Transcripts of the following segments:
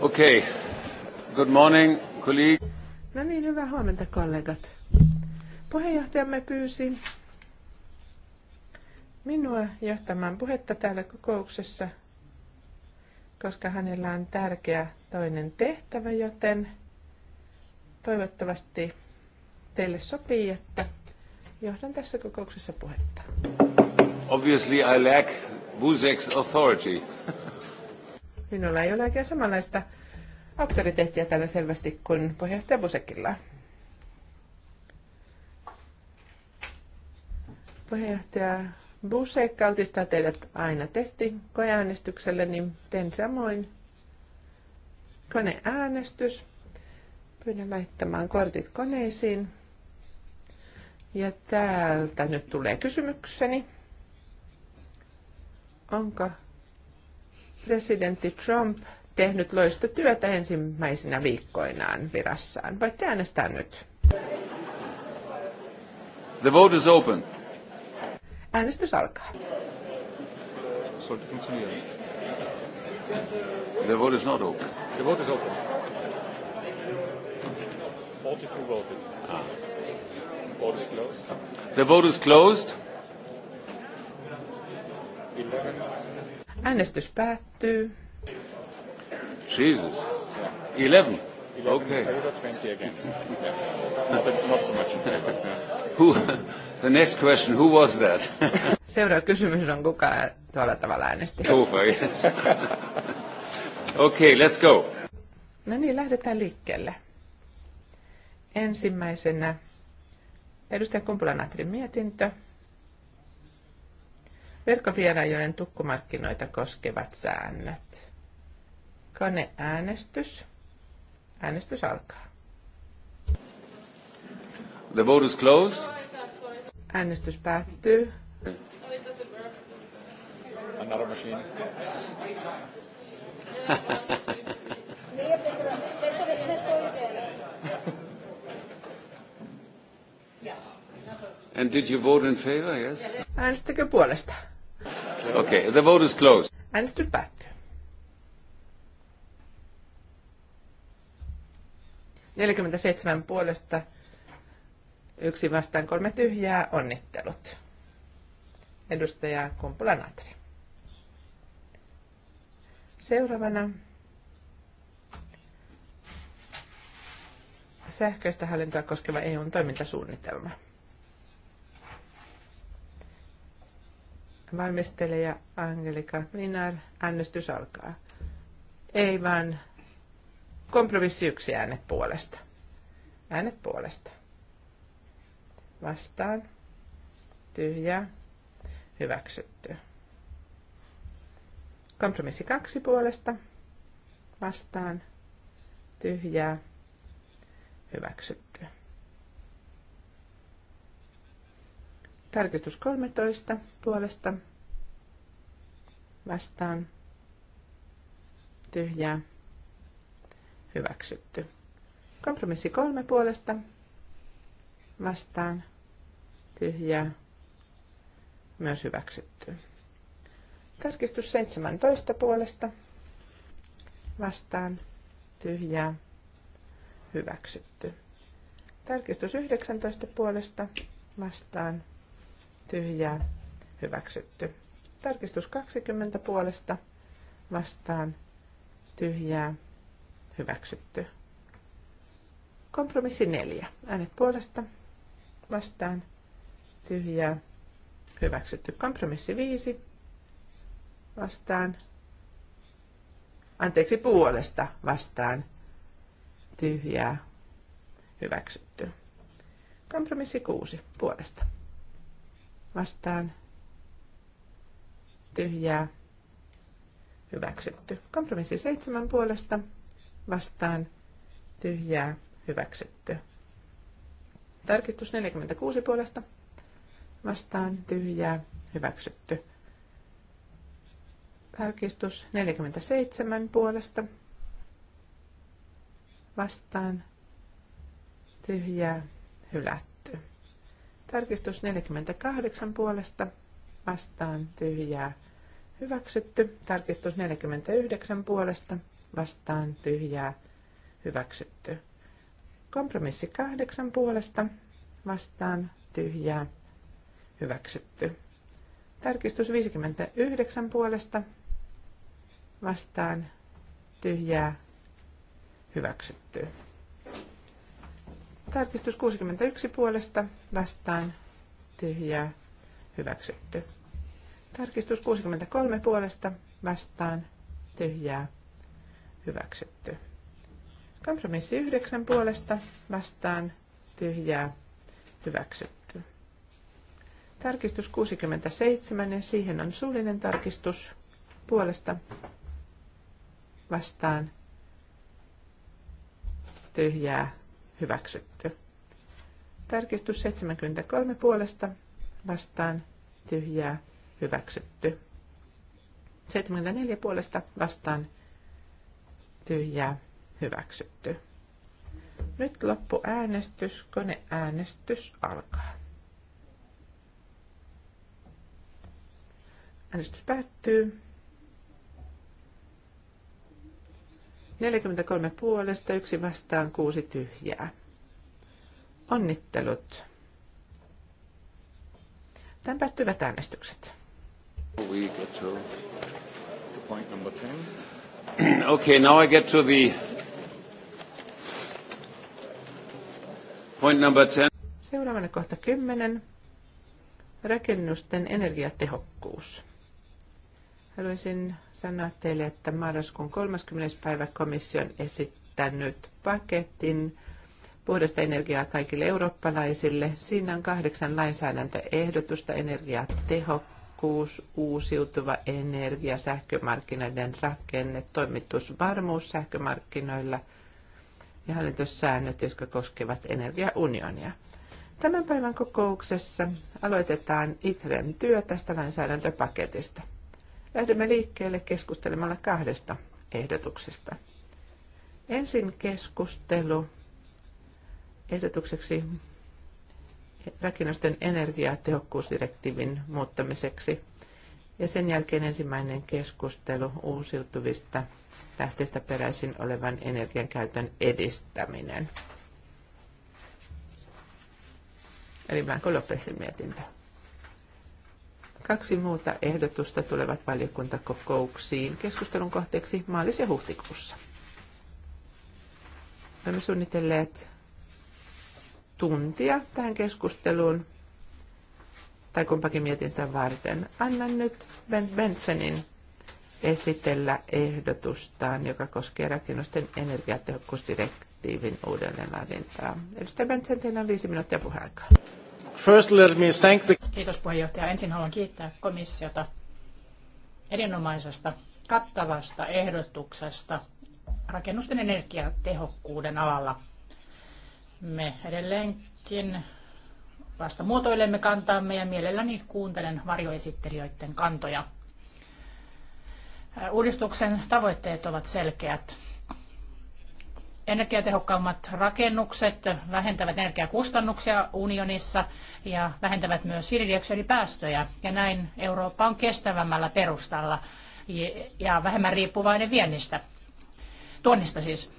Okei. Okay. Good morning, colleague. No niin, hyvää huomenta kollegat. Puheenjohtajamme pyysi minua johtamaan puhetta täällä kokouksessa, koska hänellä on tärkeä toinen tehtävä, joten toivottavasti teille sopii, että johdan tässä kokouksessa puhetta. Obviously I lack Busek's authority. Minulla ei ole oikein samanlaista auktoriteettia täällä selvästi kuin puheenjohtaja Busekilla. Puheenjohtaja Busek altistaa teidät aina koeäänestykselle, niin teen samoin. Koneäänestys. Pyydän laittamaan kortit koneisiin. Ja täältä nyt tulee kysymykseni. Onko presidentti Trump tehnyt loista työtä ensimmäisinä viikkoinaan virassaan. Voitte äänestää nyt. The vote is open. Äänestys alkaa. The vote is not open. The vote is open. 42 voted. Ah. Vote is closed. The vote is closed. 11. Äänestys päättyy. Jesus. 11. Okay. Who, the next question, who was that? Seuraava kysymys on, kuka tuolla tavalla äänesti. Hofer, yes. okay, let's go. No niin, lähdetään liikkeelle. Ensimmäisenä edustaja Kumpulanatrin mietintö. Verkkovierailijoiden tukkumarkkinoita koskevat säännöt. Koneäänestys. Äänestys alkaa. The vote is closed. Äänestys päättyy. Another machine. And did you vote in favor, yes? Äänestikö puolesta? Okei, okay, the vote is closed. Äänestys päättyy. Neljäkymmentäseitsemän puolesta, yksi vastaan, kolme tyhjää, onnittelut. Edustaja Kumpula Natri. Seuraavana sähköistä hallintoa koskeva eu toimintasuunnitelma. Valmistelija Angelika Linar, äänestys alkaa. Ei vaan kompromissi yksi äänet puolesta. Äänet puolesta. Vastaan. tyhjä Hyväksytty. Kompromissi kaksi puolesta. Vastaan. Tyhjää. Hyväksytty. Tarkistus 13 puolesta vastaan tyhjää hyväksytty. Kompromissi kolme puolesta vastaan tyhjää myös hyväksytty. Tarkistus 17 puolesta vastaan tyhjää hyväksytty. Tarkistus 19 puolesta vastaan tyhjää hyväksytty. Tarkistus 20 puolesta vastaan tyhjää hyväksytty. Kompromissi 4. Äänet puolesta vastaan tyhjää hyväksytty. Kompromissi 5 vastaan anteeksi puolesta vastaan tyhjää hyväksytty. Kompromissi 6 puolesta vastaan tyhjää hyväksytty. Kompromissi seitsemän puolesta vastaan tyhjää hyväksytty. Tarkistus 46 puolesta vastaan tyhjää hyväksytty. Tarkistus 47 puolesta vastaan tyhjää hylätty. Tarkistus 48 puolesta vastaan tyhjää hyväksytty. Tarkistus 49 puolesta vastaan tyhjää hyväksytty. Kompromissi 8 puolesta vastaan tyhjää hyväksytty. Tarkistus 59 puolesta vastaan tyhjää hyväksytty. Tarkistus 61 puolesta vastaan tyhjää hyväksytty. Tarkistus 63 puolesta vastaan tyhjää hyväksytty. Kompromissi 9 puolesta vastaan tyhjää hyväksytty. Tarkistus 67 ja siihen on suullinen tarkistus puolesta vastaan tyhjää hyväksytty. Tarkistus 73 puolesta vastaan tyhjää hyväksytty. 74 puolesta vastaan tyhjää hyväksytty. Nyt loppuäänestys, koneäänestys alkaa. Äänestys päättyy. 43 puolesta, yksi vastaan, kuusi tyhjää. Onnittelut. Tämän päättyvät äänestykset. okay, now I get to the point number 10. Seuraavana kohta 10. Rakennusten energiatehokkuus. Haluaisin sanoa teille, että marraskuun 30. päivä komissio on esittänyt paketin puhdasta energiaa kaikille eurooppalaisille. Siinä on kahdeksan lainsäädäntöehdotusta, energiatehokkuus, uusiutuva energia, sähkömarkkinoiden rakenne, toimitusvarmuus sähkömarkkinoilla ja hallitussäännöt, jotka koskevat energiaunionia. Tämän päivän kokouksessa aloitetaan ITREn työ tästä lainsäädäntöpaketista. Lähdemme liikkeelle keskustelemalla kahdesta ehdotuksesta. Ensin keskustelu ehdotukseksi rakennusten energiatehokkuusdirektiivin muuttamiseksi ja sen jälkeen ensimmäinen keskustelu uusiutuvista lähteistä peräisin olevan energian käytön edistäminen. Eli Blanco Lopesin mietintö. Kaksi muuta ehdotusta tulevat valiokuntakokouksiin keskustelun kohteeksi maalis- ja huhtikuussa. Olemme suunnitelleet tuntia tähän keskusteluun tai kumpakin mietintään varten. Annan nyt Bent Bentsenin esitellä ehdotustaan, joka koskee rakennusten energiatehokkuusdirektiivin uudelleenlaadintaa. Edustaja Bentsen, teillä on viisi minuuttia puheaikaa. First let me thank the... Kiitos puheenjohtaja. Ensin haluan kiittää komissiota erinomaisesta kattavasta ehdotuksesta rakennusten energiatehokkuuden alalla. Me edelleenkin vasta muotoilemme kantaamme ja mielelläni kuuntelen varjoesittelijöiden kantoja. Uudistuksen tavoitteet ovat selkeät. Energiatehokkaammat rakennukset vähentävät energiakustannuksia unionissa ja vähentävät myös hiilidioksidipäästöjä. Ja näin Eurooppa on kestävämmällä perustalla ja vähemmän riippuvainen viennistä. Tuonnista siis.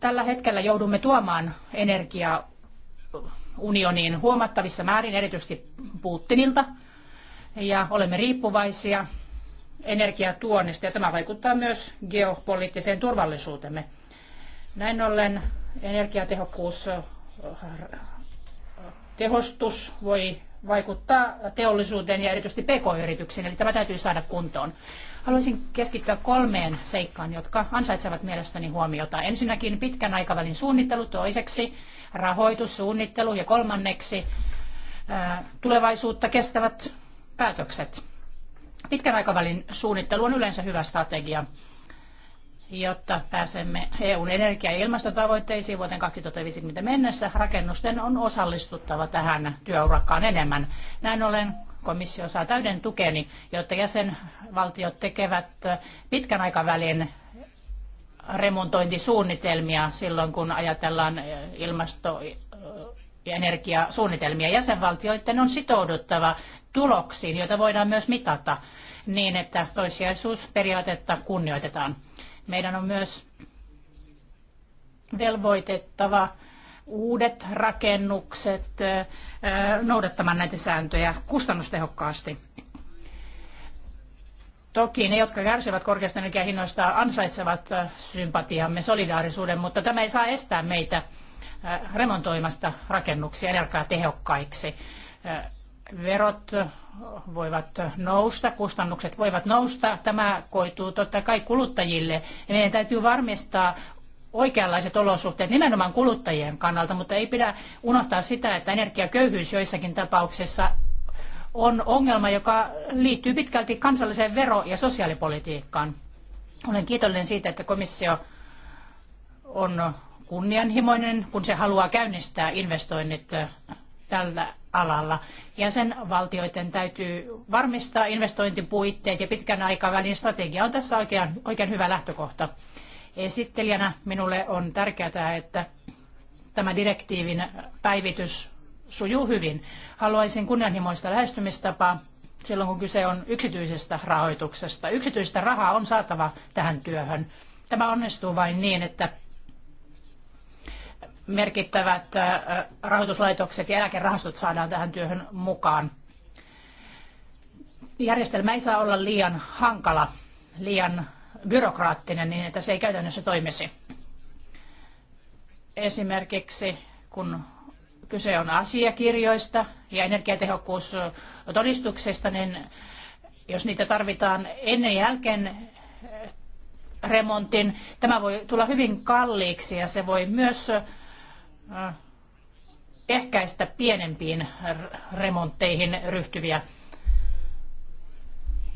Tällä hetkellä joudumme tuomaan energiaa unioniin huomattavissa määrin, erityisesti Putinilta, ja olemme riippuvaisia energiatuonnista, ja tämä vaikuttaa myös geopoliittiseen turvallisuutemme. Näin ollen energiatehokkuus tehostus voi vaikuttaa teollisuuteen ja erityisesti pk-yrityksiin, eli tämä täytyy saada kuntoon. Haluaisin keskittyä kolmeen seikkaan, jotka ansaitsevat mielestäni huomiota. Ensinnäkin pitkän aikavälin suunnittelu, toiseksi rahoitus, suunnittelu ja kolmanneksi tulevaisuutta kestävät päätökset. Pitkän aikavälin suunnittelu on yleensä hyvä strategia jotta pääsemme EUn energia- ja ilmastotavoitteisiin vuoteen 2050 mennessä. Rakennusten on osallistuttava tähän työurakkaan enemmän. Näin ollen komissio saa täyden tukeni, jotta jäsenvaltiot tekevät pitkän aikavälin remontointisuunnitelmia silloin, kun ajatellaan ilmasto- ja energiasuunnitelmia. Jäsenvaltioiden on sitouduttava tuloksiin, joita voidaan myös mitata niin, että toissijaisuusperiaatetta kunnioitetaan. Meidän on myös velvoitettava uudet rakennukset noudattamaan näitä sääntöjä kustannustehokkaasti. Toki ne, jotka kärsivät korkeasta energiahinnoista, ansaitsevat sympatiamme, solidaarisuuden, mutta tämä ei saa estää meitä remontoimasta rakennuksia energiatehokkaiksi. Verot voivat nousta, kustannukset voivat nousta. Tämä koituu totta kai kuluttajille. Ja meidän täytyy varmistaa oikeanlaiset olosuhteet nimenomaan kuluttajien kannalta, mutta ei pidä unohtaa sitä, että energiaköyhyys joissakin tapauksissa on ongelma, joka liittyy pitkälti kansalliseen vero- ja sosiaalipolitiikkaan. Olen kiitollinen siitä, että komissio on kunnianhimoinen, kun se haluaa käynnistää investoinnit tällä alalla. Jäsenvaltioiden täytyy varmistaa investointipuitteet ja pitkän aikavälin strategia on tässä oikein, oikein hyvä lähtökohta. Esittelijänä minulle on tärkeää, että tämä direktiivin päivitys sujuu hyvin. Haluaisin kunnianhimoista lähestymistapaa silloin, kun kyse on yksityisestä rahoituksesta. Yksityistä rahaa on saatava tähän työhön. Tämä onnistuu vain niin, että merkittävät rahoituslaitokset ja eläkerahastot saadaan tähän työhön mukaan. Järjestelmä ei saa olla liian hankala, liian byrokraattinen niin, että se ei käytännössä toimisi. Esimerkiksi kun kyse on asiakirjoista ja energiatehokkuustodistuksista, niin jos niitä tarvitaan ennen jälkeen remontin, tämä voi tulla hyvin kalliiksi ja se voi myös Äh, ehkäistä pienempiin remontteihin ryhtyviä.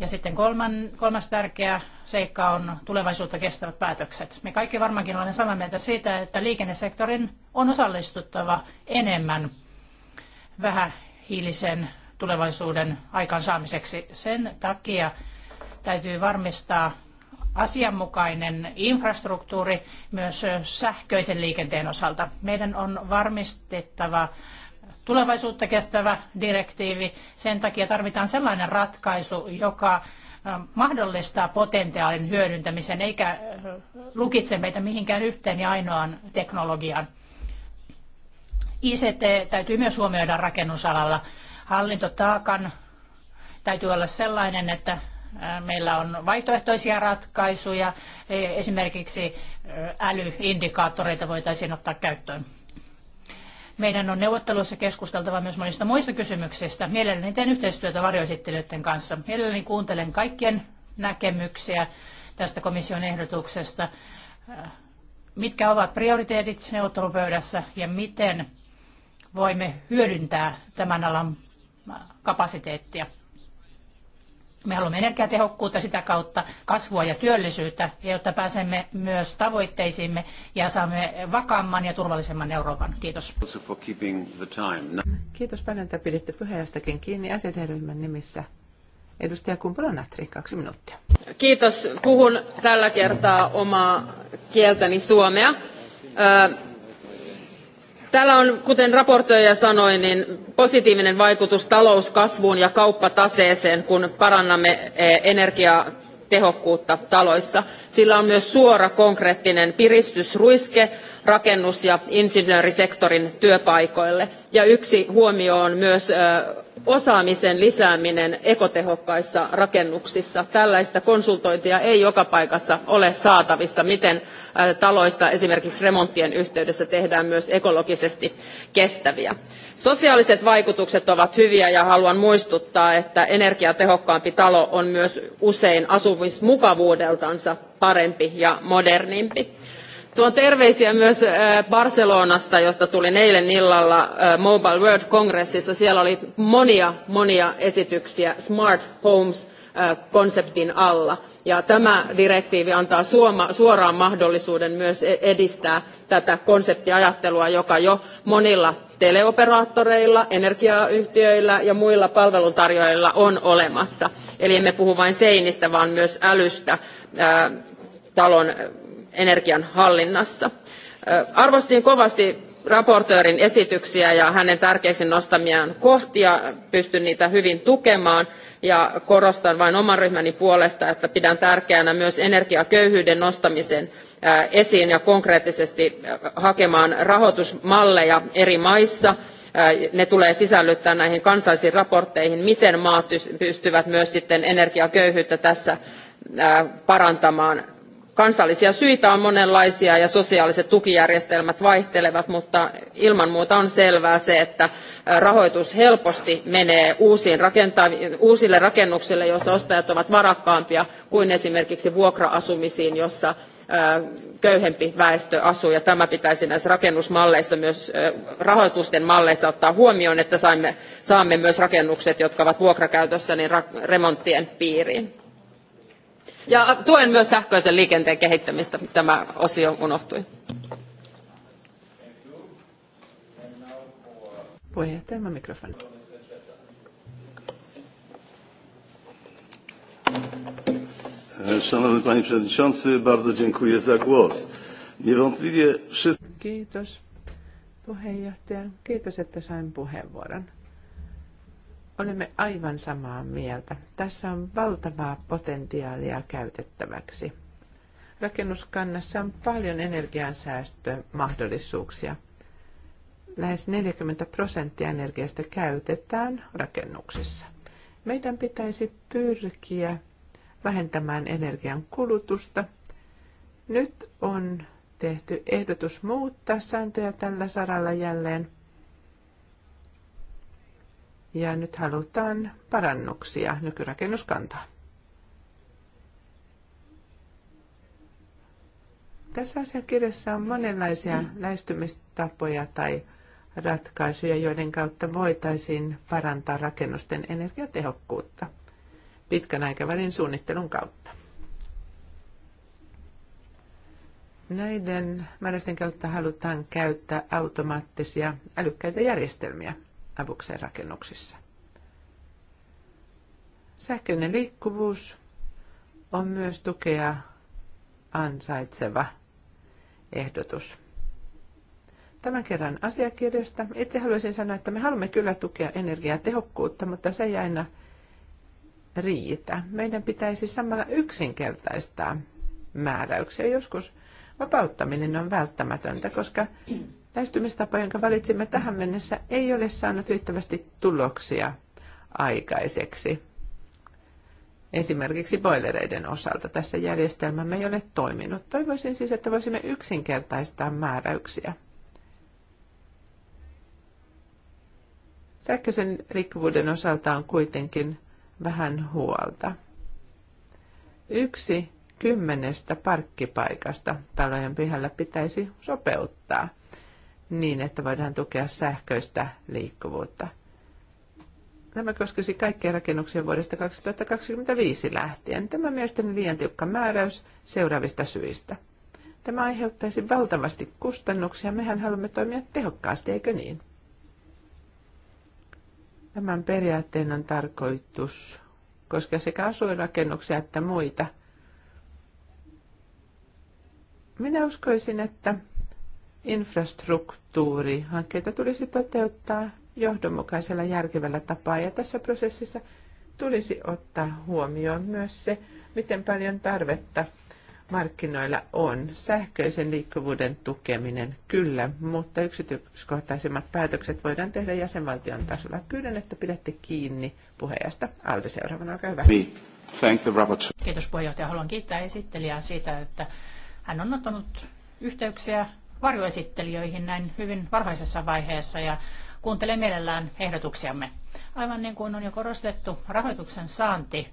Ja sitten kolman, kolmas tärkeä seikka on tulevaisuutta kestävät päätökset. Me kaikki varmaankin olemme samaa mieltä siitä, että liikennesektorin on osallistuttava enemmän vähähiilisen tulevaisuuden aikaansaamiseksi. Sen takia täytyy varmistaa asianmukainen infrastruktuuri myös sähköisen liikenteen osalta. Meidän on varmistettava tulevaisuutta kestävä direktiivi. Sen takia tarvitaan sellainen ratkaisu, joka mahdollistaa potentiaalin hyödyntämisen eikä lukitse meitä mihinkään yhteen ja ainoaan teknologiaan. ICT täytyy myös huomioida rakennusalalla. Hallintotaakan täytyy olla sellainen, että Meillä on vaihtoehtoisia ratkaisuja, esimerkiksi älyindikaattoreita voitaisiin ottaa käyttöön. Meidän on neuvotteluissa keskusteltava myös monista muista kysymyksistä. Mielelläni teen yhteistyötä varjoesittelijöiden kanssa. Mielelläni kuuntelen kaikkien näkemyksiä tästä komission ehdotuksesta. Mitkä ovat prioriteetit neuvottelupöydässä ja miten voimme hyödyntää tämän alan kapasiteettia? Me haluamme energiatehokkuutta sitä kautta, kasvua ja työllisyyttä, ja jotta pääsemme myös tavoitteisiimme ja saamme vakaamman ja turvallisemman Euroopan. Kiitos. Kiitos paljon, että piditte puheenjohtajakin kiinni asiaryhmän e nimissä. Edustaja Kumpula-Natri, kaksi minuuttia. Kiitos. Puhun tällä kertaa omaa kieltäni suomea. Öö, Tällä on, kuten raportoija sanoi, niin positiivinen vaikutus talouskasvuun ja kauppataseeseen, kun parannamme e, energiatehokkuutta taloissa. Sillä on myös suora konkreettinen piristysruiske rakennus- ja insinöörisektorin työpaikoille. Ja yksi huomio on myös e, osaamisen lisääminen ekotehokkaissa rakennuksissa. Tällaista konsultointia ei joka paikassa ole saatavissa, miten taloista esimerkiksi remonttien yhteydessä tehdään myös ekologisesti kestäviä. Sosiaaliset vaikutukset ovat hyviä ja haluan muistuttaa, että energiatehokkaampi talo on myös usein asumismukavuudeltansa parempi ja modernimpi. Tuon terveisiä myös Barcelonasta, josta tulin eilen illalla Mobile World Congressissa. Siellä oli monia, monia esityksiä Smart Homes konseptin alla. Ja tämä direktiivi antaa suoraan mahdollisuuden myös e- edistää tätä konseptiajattelua, joka jo monilla teleoperaattoreilla, energiayhtiöillä ja muilla palveluntarjoajilla on olemassa. Eli emme puhu vain seinistä, vaan myös älystä ää, talon energian hallinnassa. Arvostin kovasti raportöörin esityksiä ja hänen tärkeisiin nostamiaan kohtia. Pystyn niitä hyvin tukemaan ja korostan vain oman ryhmäni puolesta, että pidän tärkeänä myös energiaköyhyyden nostamisen äh, esiin ja konkreettisesti äh, hakemaan rahoitusmalleja eri maissa äh, ne tulee sisällyttää näihin kansallisiin raportteihin, miten maat pystyvät myös sitten energiaköyhyyttä tässä parantamaan. Kansallisia syitä on monenlaisia ja sosiaaliset tukijärjestelmät vaihtelevat, mutta ilman muuta on selvää se, että rahoitus helposti menee uusille rakennuksille, joissa ostajat ovat varakkaampia kuin esimerkiksi vuokra-asumisiin, jossa köyhempi väestö asuu ja tämä pitäisi näissä rakennusmalleissa myös rahoitusten malleissa ottaa huomioon, että saamme myös rakennukset, jotka ovat vuokrakäytössä, niin remonttien piiriin. Ja tuen myös sähköisen liikenteen kehittämistä. Tämä osio unohtui. Puheenjohtaja, mikrofoni. Szanowny Panie Przewodniczący, bardzo dziękuję za głos. Niewątpliwie wszyscy... Kiitos puheenjohtaja. Kiitos, että sain puheenvuoron olemme aivan samaa mieltä. Tässä on valtavaa potentiaalia käytettäväksi. Rakennuskannassa on paljon energiansäästömahdollisuuksia. Lähes 40 prosenttia energiasta käytetään rakennuksissa. Meidän pitäisi pyrkiä vähentämään energian kulutusta. Nyt on tehty ehdotus muuttaa sääntöjä tällä saralla jälleen ja nyt halutaan parannuksia nykyrakennuskantaan. Tässä asiakirjassa on monenlaisia lähestymistapoja tai ratkaisuja, joiden kautta voitaisiin parantaa rakennusten energiatehokkuutta pitkän aikavälin suunnittelun kautta. Näiden määräisten kautta halutaan käyttää automaattisia älykkäitä järjestelmiä avukseen rakennuksissa. Sähköinen liikkuvuus on myös tukea ansaitseva ehdotus. Tämän kerran asiakirjasta. Itse haluaisin sanoa, että me haluamme kyllä tukea energiatehokkuutta, mutta se ei aina riitä. Meidän pitäisi samalla yksinkertaistaa määräyksiä. Joskus vapauttaminen on välttämätöntä, koska lähestymistapa, jonka valitsimme tähän mennessä, ei ole saanut riittävästi tuloksia aikaiseksi. Esimerkiksi boilereiden osalta tässä järjestelmämme ei ole toiminut. Toivoisin siis, että voisimme yksinkertaistaa määräyksiä. Sähköisen rikkuvuuden osalta on kuitenkin vähän huolta. Yksi kymmenestä parkkipaikasta talojen pihalla pitäisi sopeuttaa – niin, että voidaan tukea sähköistä liikkuvuutta. Tämä koskisi kaikkia rakennuksia vuodesta 2025 lähtien. Tämä on mielestäni liian tiukka määräys seuraavista syistä. Tämä aiheuttaisi valtavasti kustannuksia. Mehän haluamme toimia tehokkaasti, eikö niin? Tämän periaatteen on tarkoitus koskea sekä asuinrakennuksia että muita. Minä uskoisin, että infrastruktuurihankkeita tulisi toteuttaa johdonmukaisella järkevällä tapaa ja tässä prosessissa tulisi ottaa huomioon myös se, miten paljon tarvetta markkinoilla on. Sähköisen liikkuvuuden tukeminen, kyllä, mutta yksityiskohtaisemmat päätökset voidaan tehdä jäsenvaltion tasolla. Pyydän, että pidätte kiinni puheenjohtaja. Alde seuraavana, olkaa hyvä. Thank Kiitos puheenjohtaja. Haluan kiittää esittelijää siitä, että hän on ottanut yhteyksiä varjoesittelijöihin näin hyvin varhaisessa vaiheessa ja kuuntelee mielellään ehdotuksiamme. Aivan niin kuin on jo korostettu, rahoituksen saanti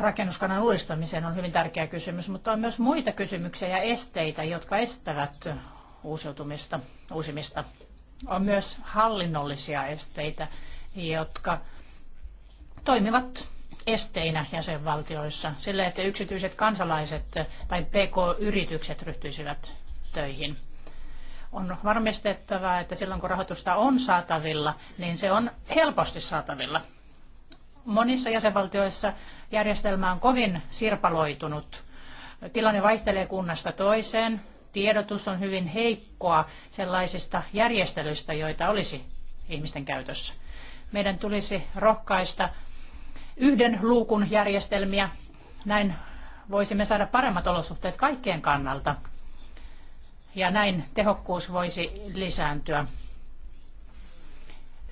rakennuskannan uudistamiseen on hyvin tärkeä kysymys, mutta on myös muita kysymyksiä ja esteitä, jotka estävät uusiutumista, uusimista. On myös hallinnollisia esteitä, jotka toimivat esteinä jäsenvaltioissa sille, että yksityiset kansalaiset tai PK-yritykset ryhtyisivät töihin. On varmistettava, että silloin kun rahoitusta on saatavilla, niin se on helposti saatavilla. Monissa jäsenvaltioissa järjestelmä on kovin sirpaloitunut. Tilanne vaihtelee kunnasta toiseen. Tiedotus on hyvin heikkoa sellaisista järjestelyistä, joita olisi ihmisten käytössä. Meidän tulisi rohkaista yhden luukun järjestelmiä. Näin voisimme saada paremmat olosuhteet kaikkien kannalta. Ja näin tehokkuus voisi lisääntyä.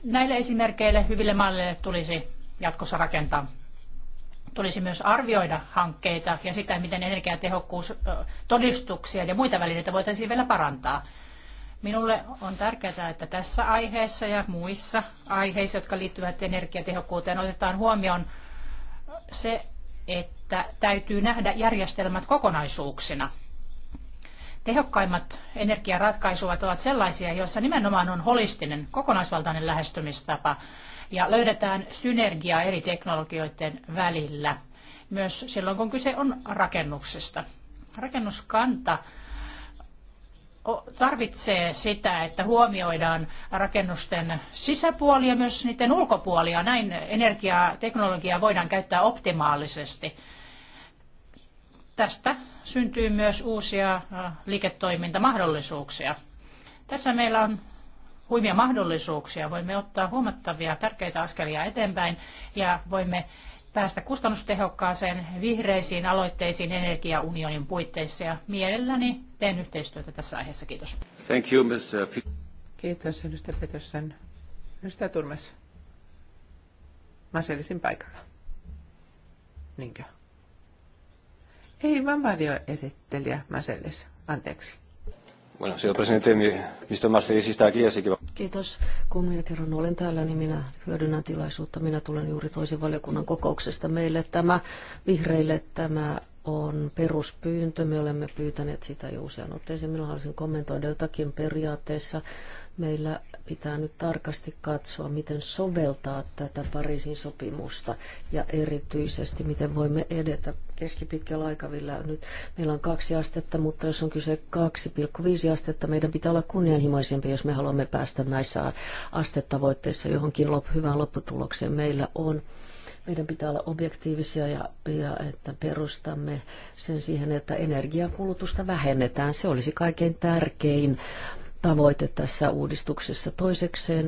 Näille esimerkkeille hyville malleille tulisi jatkossa rakentaa. Tulisi myös arvioida hankkeita ja sitä, miten energiatehokkuustodistuksia ja muita välineitä voitaisiin vielä parantaa. Minulle on tärkeää, että tässä aiheessa ja muissa aiheissa, jotka liittyvät energiatehokkuuteen, otetaan huomioon se, että täytyy nähdä järjestelmät kokonaisuuksina. Tehokkaimmat energiaratkaisuvat ovat sellaisia, joissa nimenomaan on holistinen, kokonaisvaltainen lähestymistapa ja löydetään synergiaa eri teknologioiden välillä, myös silloin kun kyse on rakennuksesta. Rakennuskanta tarvitsee sitä, että huomioidaan rakennusten sisäpuoli ja myös niiden ja Näin energiaa, teknologiaa voidaan käyttää optimaalisesti. Tästä syntyy myös uusia liiketoimintamahdollisuuksia. Tässä meillä on huimia mahdollisuuksia. Voimme ottaa huomattavia tärkeitä askelia eteenpäin ja voimme päästä kustannustehokkaaseen vihreisiin aloitteisiin energiaunionin puitteissa ja mielelläni teen yhteistyötä tässä aiheessa. Kiitos. Thank you, Mr. P- Kiitos, edustaja Petersen. Edustaja Turmes. Mä selisin paikalla. Niinkö? Ei, vaan varjoesittelijä selisin Anteeksi. Bueno, señor presidente, Mr. está aquí, así que... Kiitos. Kun minä kerran olen täällä, niin minä hyödynnän tilaisuutta. Minä tulen juuri toisen valiokunnan kokouksesta. Meille tämä, vihreille tämä on peruspyyntö. Me olemme pyytäneet sitä jo usean otteeseen. Minä haluaisin kommentoida jotakin periaatteessa Meillä pitää nyt tarkasti katsoa, miten soveltaa tätä Pariisin sopimusta ja erityisesti miten voimme edetä keskipitkällä aikavillä. Nyt meillä on kaksi astetta, mutta jos on kyse 2,5 astetta, meidän pitää olla kunnianhimoisempi, jos me haluamme päästä näissä astetavoitteissa johonkin lop- hyvään lopputulokseen. Meillä on meidän pitää olla objektiivisia ja, ja että perustamme sen siihen, että energiakulutusta vähennetään. Se olisi kaikkein tärkein tavoite tässä uudistuksessa. Toisekseen,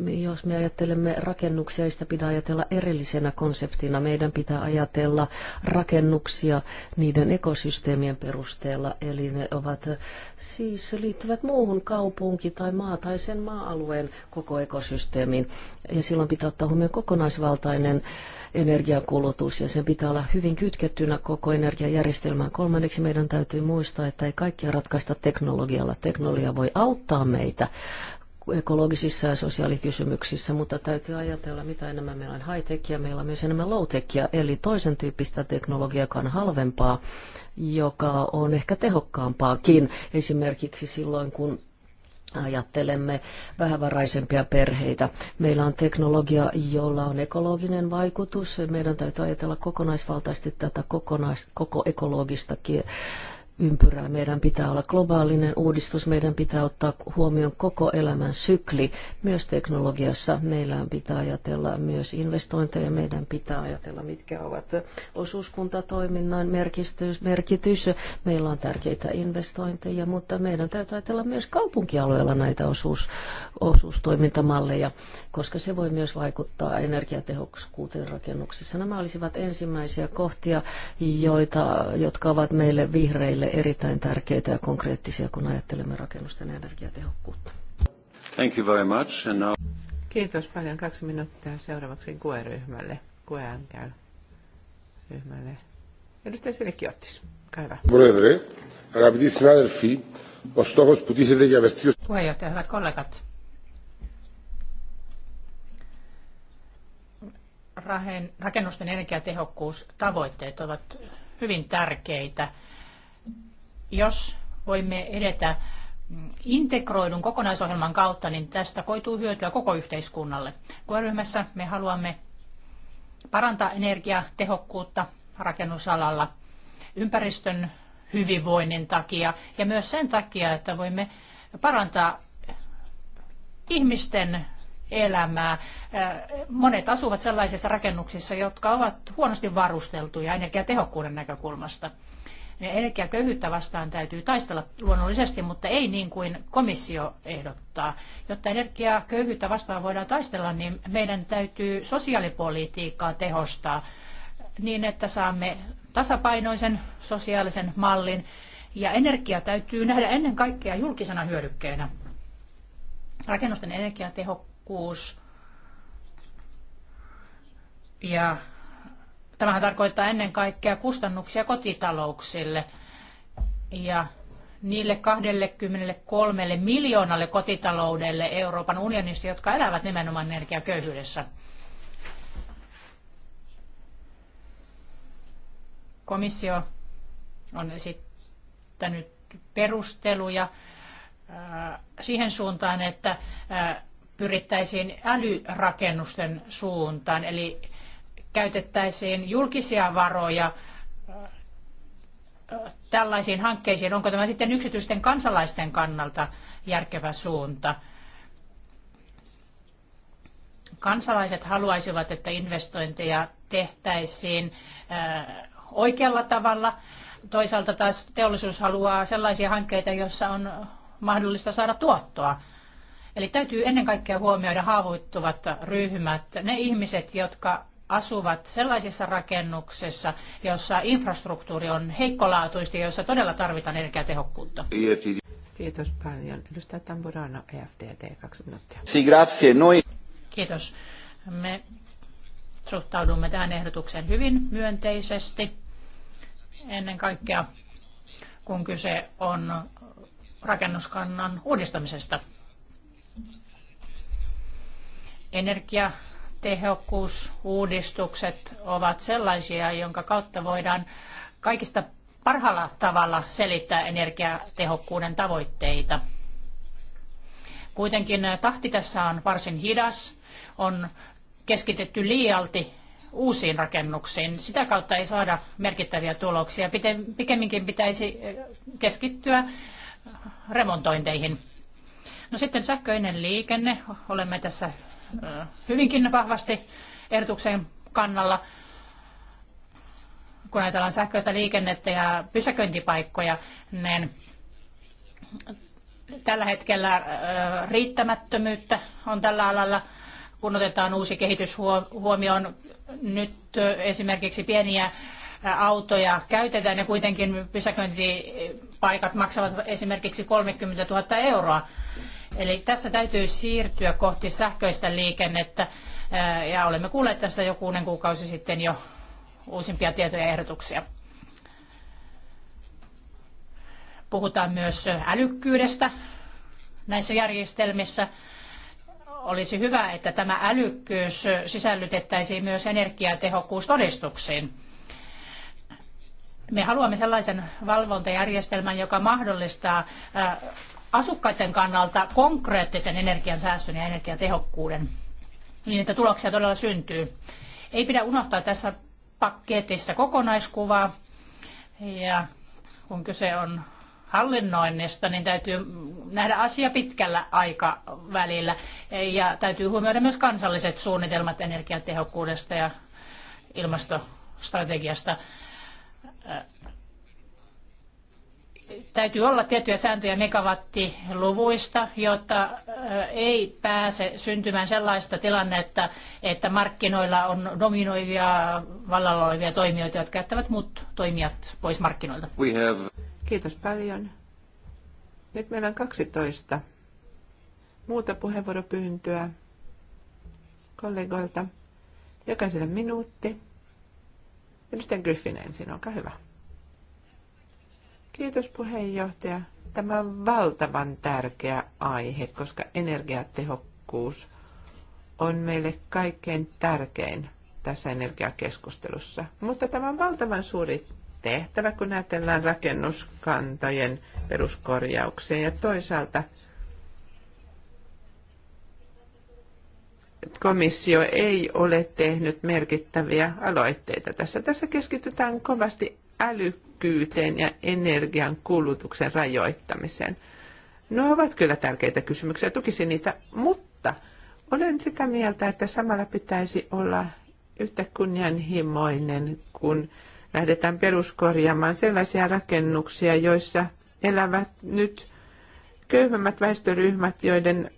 me, jos me ajattelemme rakennuksia, ei sitä pitää ajatella erillisenä konseptina. Meidän pitää ajatella rakennuksia niiden ekosysteemien perusteella, eli ne ovat siis liittyvät muuhun kaupunki tai maa tai sen maa-alueen koko ekosysteemiin. Ja silloin pitää ottaa huomioon kokonaisvaltainen äh, energiakulutus ja sen pitää olla hyvin kytkettynä koko energiajärjestelmään. Kolmanneksi meidän täytyy muistaa, että ei kaikkia ratkaista teknologialla. Teknologia voi auttaa meitä ekologisissa ja sosiaalikysymyksissä, mutta täytyy ajatella, mitä enemmän meillä on high-techia, meillä on myös enemmän low-techia, eli toisen tyyppistä teknologiaa, joka on halvempaa, joka on ehkä tehokkaampaakin. Esimerkiksi silloin, kun ajattelemme vähävaraisempia perheitä. Meillä on teknologia, jolla on ekologinen vaikutus. Meidän täytyy ajatella kokonaisvaltaisesti tätä kokonais, koko ekologista ympyrää. Meidän pitää olla globaalinen uudistus, meidän pitää ottaa huomioon koko elämän sykli. Myös teknologiassa meillä pitää ajatella myös investointeja, meidän pitää ajatella, mitkä ovat osuuskuntatoiminnan merkitys. Meillä on tärkeitä investointeja, mutta meidän täytyy ajatella myös kaupunkialueella näitä osuus, osuustoimintamalleja koska se voi myös vaikuttaa energiatehokkuuteen rakennuksissa. Nämä olisivat ensimmäisiä kohtia, joita, jotka ovat meille vihreille erittäin tärkeitä ja konkreettisia, kun ajattelemme rakennusten energiatehokkuutta. Thank you very much. And now... Kiitos paljon. Kaksi minuuttia seuraavaksi QE-ryhmälle. QE ryhmälle. Edustaja Selekiotis, olkaa hyvä. Puheenjohtaja, hyvät kollegat, rakennusten energiatehokkuustavoitteet ovat hyvin tärkeitä. Jos voimme edetä mm, integroidun kokonaisohjelman kautta, niin tästä koituu hyötyä koko yhteiskunnalle. Koeryhmässä me haluamme parantaa energiatehokkuutta rakennusalalla ympäristön hyvinvoinnin takia ja myös sen takia, että voimme parantaa ihmisten elämää. Äh, monet asuvat sellaisissa rakennuksissa, jotka ovat huonosti varusteltuja energiatehokkuuden näkökulmasta. Energiaköyhyyttä vastaan täytyy taistella luonnollisesti, mutta ei niin kuin komissio ehdottaa. Jotta energiaköyhyyttä vastaan voidaan taistella, niin meidän täytyy sosiaalipolitiikkaa tehostaa niin, että saamme tasapainoisen sosiaalisen mallin. Ja energia täytyy nähdä ennen kaikkea julkisena hyödykkeenä. Rakennusten energiatehokkuus tehokkuus. Ja tämähän tarkoittaa ennen kaikkea kustannuksia kotitalouksille. Ja niille 23 miljoonalle kotitaloudelle Euroopan unionista, jotka elävät nimenomaan energiaköyhyydessä. Komissio on esittänyt perusteluja äh, siihen suuntaan, että äh, pyrittäisiin älyrakennusten suuntaan, eli käytettäisiin julkisia varoja tällaisiin hankkeisiin. Onko tämä sitten yksityisten kansalaisten kannalta järkevä suunta? Kansalaiset haluaisivat, että investointeja tehtäisiin oikealla tavalla. Toisaalta taas teollisuus haluaa sellaisia hankkeita, joissa on mahdollista saada tuottoa. Eli täytyy ennen kaikkea huomioida haavoittuvat ryhmät, ne ihmiset, jotka asuvat sellaisissa rakennuksissa, jossa infrastruktuuri on heikkolaatuista ja jossa todella tarvitaan energiatehokkuutta. Kiitos paljon. Edustaja Tamburano, EFDD, kaksi minuuttia. Si, grazie. Noi... Kiitos. Me suhtaudumme tähän ehdotukseen hyvin myönteisesti. Ennen kaikkea, kun kyse on rakennuskannan uudistamisesta. Energiatehokkuusuudistukset ovat sellaisia, jonka kautta voidaan kaikista parhaalla tavalla selittää energiatehokkuuden tavoitteita. Kuitenkin tahti tässä on varsin hidas, on keskitetty liialti uusiin rakennuksiin. Sitä kautta ei saada merkittäviä tuloksia. Pikemminkin pitäisi keskittyä remontointeihin. No sitten sähköinen liikenne. Olemme tässä hyvinkin vahvasti ehdotuksen kannalla, kun ajatellaan sähköistä liikennettä ja pysäköintipaikkoja, niin tällä hetkellä riittämättömyyttä on tällä alalla, kun otetaan uusi kehitys huomioon. Nyt esimerkiksi pieniä autoja käytetään ja kuitenkin pysäköintipaikat maksavat esimerkiksi 30 000 euroa. Eli tässä täytyy siirtyä kohti sähköistä liikennettä ja olemme kuulleet tästä kuuden kuukausi sitten jo uusimpia tietoja ja ehdotuksia. Puhutaan myös älykkyydestä näissä järjestelmissä. Olisi hyvä, että tämä älykkyys sisällytettäisiin myös energiatehokkuustodistuksiin. Me haluamme sellaisen valvontajärjestelmän, joka mahdollistaa asukkaiden kannalta konkreettisen energiansäästön ja energiatehokkuuden, niin että tuloksia todella syntyy. Ei pidä unohtaa tässä paketissa kokonaiskuvaa, ja kun kyse on hallinnoinnista, niin täytyy nähdä asia pitkällä aikavälillä, ja täytyy huomioida myös kansalliset suunnitelmat energiatehokkuudesta ja ilmastostrategiasta täytyy olla tiettyjä sääntöjä megawattiluvuista, jotta ei pääse syntymään sellaista tilannetta, että markkinoilla on dominoivia, vallalla olevia toimijoita, jotka käyttävät, muut toimijat pois markkinoilta. Have... Kiitos paljon. Nyt meillä on 12 muuta puheenvuoropyyntöä kollegoilta. Jokaiselle minuutti. Edustaja Griffin ensin, olkaa hyvä. Kiitos puheenjohtaja. Tämä on valtavan tärkeä aihe, koska energiatehokkuus on meille kaikkein tärkein tässä energiakeskustelussa. Mutta tämä on valtavan suuri tehtävä, kun ajatellaan rakennuskantojen peruskorjauksia ja toisaalta komissio ei ole tehnyt merkittäviä aloitteita tässä. Tässä keskitytään kovasti älykkyyteen herkkyyteen ja energian kulutuksen rajoittamiseen. No ovat kyllä tärkeitä kysymyksiä, tukisin niitä, mutta olen sitä mieltä, että samalla pitäisi olla yhtä kunnianhimoinen, kun lähdetään peruskorjaamaan sellaisia rakennuksia, joissa elävät nyt köyhemmät väestöryhmät, joiden,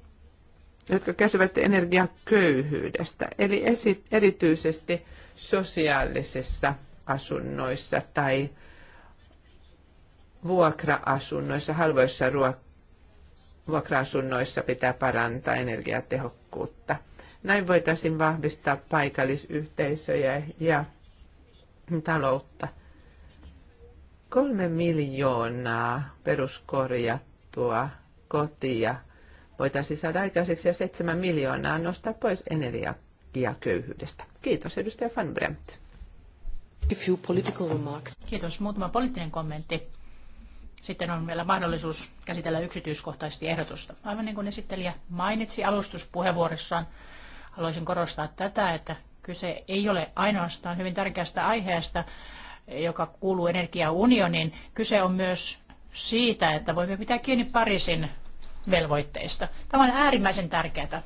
jotka käsivät energiaa köyhyydestä, eli esi- erityisesti sosiaalisissa asunnoissa tai vuokra-asunnoissa, halvoissa ruo- vuokra-asunnoissa pitää parantaa energiatehokkuutta. Näin voitaisiin vahvistaa paikallisyhteisöjä ja taloutta. Kolme miljoonaa peruskorjattua kotia voitaisiin saada aikaiseksi ja seitsemän miljoonaa nostaa pois energiaköyhyydestä. Kiitos edustaja Van Bremt. Kiitos. Muutama poliittinen kommentti. Sitten on vielä mahdollisuus käsitellä yksityiskohtaisesti ehdotusta. Aivan niin kuin esittelijä mainitsi alustuspuheenvuorossaan, haluaisin korostaa tätä, että kyse ei ole ainoastaan hyvin tärkeästä aiheesta, joka kuuluu energiaunioniin. Kyse on myös siitä, että voimme pitää kiinni Pariisin velvoitteista. Tämä on äärimmäisen tärkeää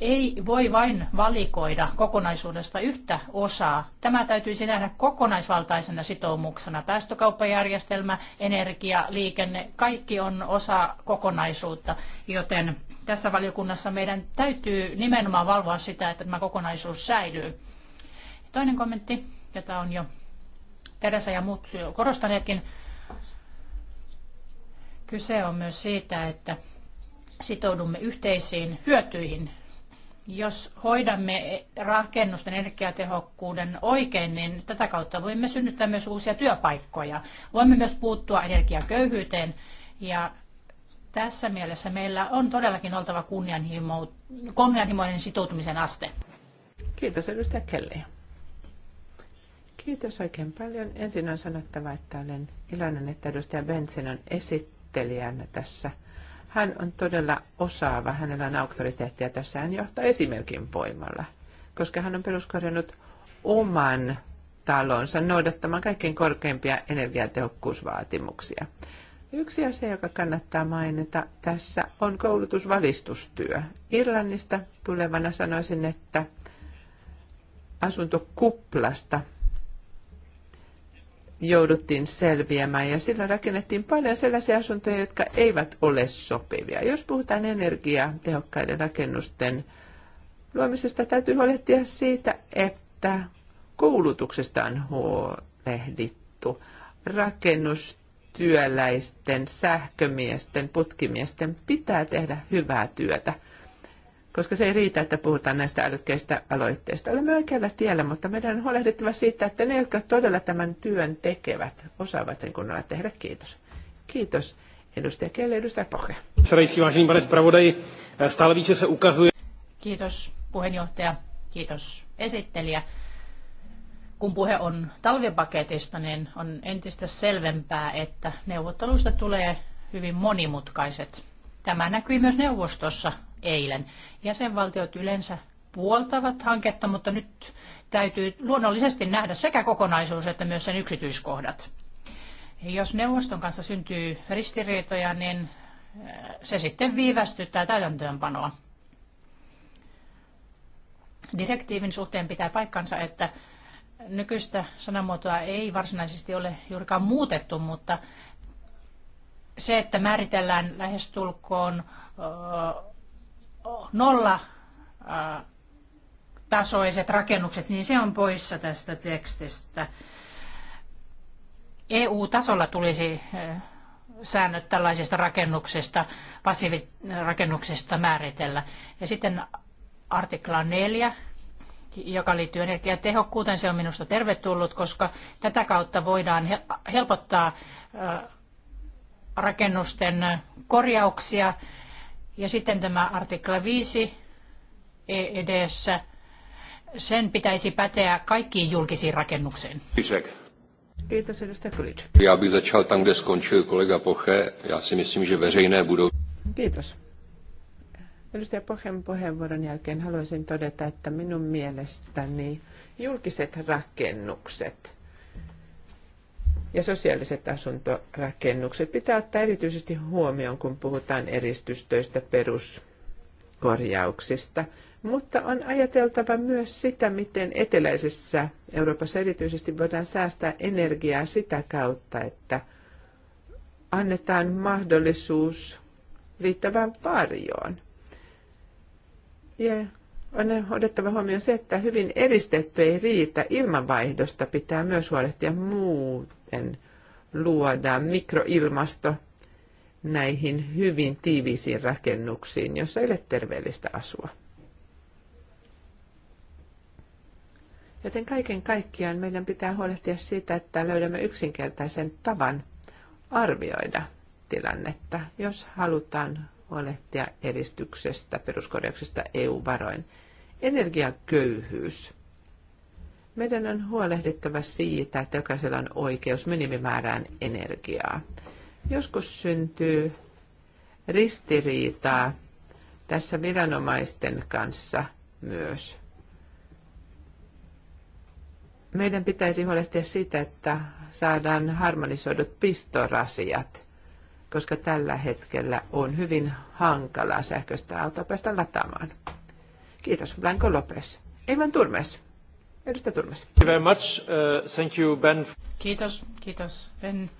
ei voi vain valikoida kokonaisuudesta yhtä osaa. Tämä täytyisi nähdä kokonaisvaltaisena sitoumuksena. Päästökauppajärjestelmä, energia, liikenne, kaikki on osa kokonaisuutta, joten tässä valiokunnassa meidän täytyy nimenomaan valvoa sitä, että tämä kokonaisuus säilyy. Toinen kommentti, jota on jo Teresa ja muut korostaneetkin, kyse on myös siitä, että sitoudumme yhteisiin hyötyihin jos hoidamme rakennusten energiatehokkuuden oikein, niin tätä kautta voimme synnyttää myös uusia työpaikkoja. Voimme myös puuttua energiaköyhyyteen ja tässä mielessä meillä on todellakin oltava kunnianhimo, kunnianhimoinen sitoutumisen aste. Kiitos edustaja Kelly. Kiitos oikein paljon. Ensin on sanottava, että olen iloinen, että edustaja Benson on esittelijänä tässä – hän on todella osaava, hänellä on auktoriteettia tässä, hän johtaa esimerkin voimalla, koska hän on peruskorjannut oman talonsa noudattamaan kaikkein korkeimpia energiatehokkuusvaatimuksia. Yksi asia, joka kannattaa mainita tässä, on koulutusvalistustyö. Irlannista tulevana sanoisin, että asuntokuplasta – jouduttiin selviämään ja silloin rakennettiin paljon sellaisia asuntoja, jotka eivät ole sopivia. Jos puhutaan energiatehokkaiden rakennusten luomisesta, täytyy huolehtia siitä, että koulutuksesta on huolehdittu. Rakennustyöläisten, sähkömiesten, putkimiesten pitää tehdä hyvää työtä koska se ei riitä, että puhutaan näistä älykkäistä aloitteista. Olemme oikealla tiellä, mutta meidän on huolehdittava siitä, että ne, jotka todella tämän työn tekevät, osaavat sen kunnolla tehdä. Kiitos. Kiitos. Edustaja Kelle, edustaja Poche. Kiitos puheenjohtaja, kiitos esittelijä. Kun puhe on talvipaketista, niin on entistä selvempää, että neuvottelusta tulee hyvin monimutkaiset. Tämä näkyy myös neuvostossa eilen. Jäsenvaltiot yleensä puoltavat hanketta, mutta nyt täytyy luonnollisesti nähdä sekä kokonaisuus että myös sen yksityiskohdat. Jos neuvoston kanssa syntyy ristiriitoja, niin äh, se sitten viivästyttää täytäntöönpanoa. Direktiivin suhteen pitää paikkansa, että nykyistä sanamuotoa ei varsinaisesti ole juurikaan muutettu, mutta se, että määritellään lähestulkoon nolla äh, tasoiset rakennukset, niin se on poissa tästä tekstistä. EU-tasolla tulisi äh, säännöt tällaisista rakennuksista, passiivirakennuksista määritellä. Ja sitten artikla 4, joka liittyy energiatehokkuuteen, se on minusta tervetullut, koska tätä kautta voidaan helpottaa äh, rakennusten korjauksia ja sitten tämä artikla 5 e edessä, sen pitäisi päteä kaikkiin julkisiin rakennuksiin. Kiitos, edustaja Kulic. Ja bych začal tam, kde skončil kolega Poche. Ja si myslím, že veřejné budou... Kiitos. Edustaja Pohjan puheenvuoron jälkeen haluaisin todeta, että minun mielestäni julkiset rakennukset – ja sosiaaliset asuntorakennukset pitää ottaa erityisesti huomioon, kun puhutaan eristystöistä peruskorjauksista. Mutta on ajateltava myös sitä, miten eteläisessä Euroopassa erityisesti voidaan säästää energiaa sitä kautta, että annetaan mahdollisuus riittävään varjoon. Ja on odottava huomioon se, että hyvin eristetty ei riitä. Ilmanvaihdosta pitää myös huolehtia muut sitten luodaan mikroilmasto näihin hyvin tiiviisiin rakennuksiin, jossa ei ole terveellistä asua. Joten kaiken kaikkiaan meidän pitää huolehtia siitä, että löydämme yksinkertaisen tavan arvioida tilannetta, jos halutaan huolehtia edistyksestä, peruskorjauksesta EU-varoin. Energiaköyhyys meidän on huolehdittava siitä, että jokaisella on oikeus minimimäärään energiaa. Joskus syntyy ristiriitaa tässä viranomaisten kanssa myös. Meidän pitäisi huolehtia siitä, että saadaan harmonisoidut pistorasiat, koska tällä hetkellä on hyvin hankalaa sähköistä autoa päästä lataamaan. Kiitos, Blanco Lopes. Ivan Turmes. Edustaja Turmes. Very much. Uh, thank you, Ben. Kiitos, kiitos Ben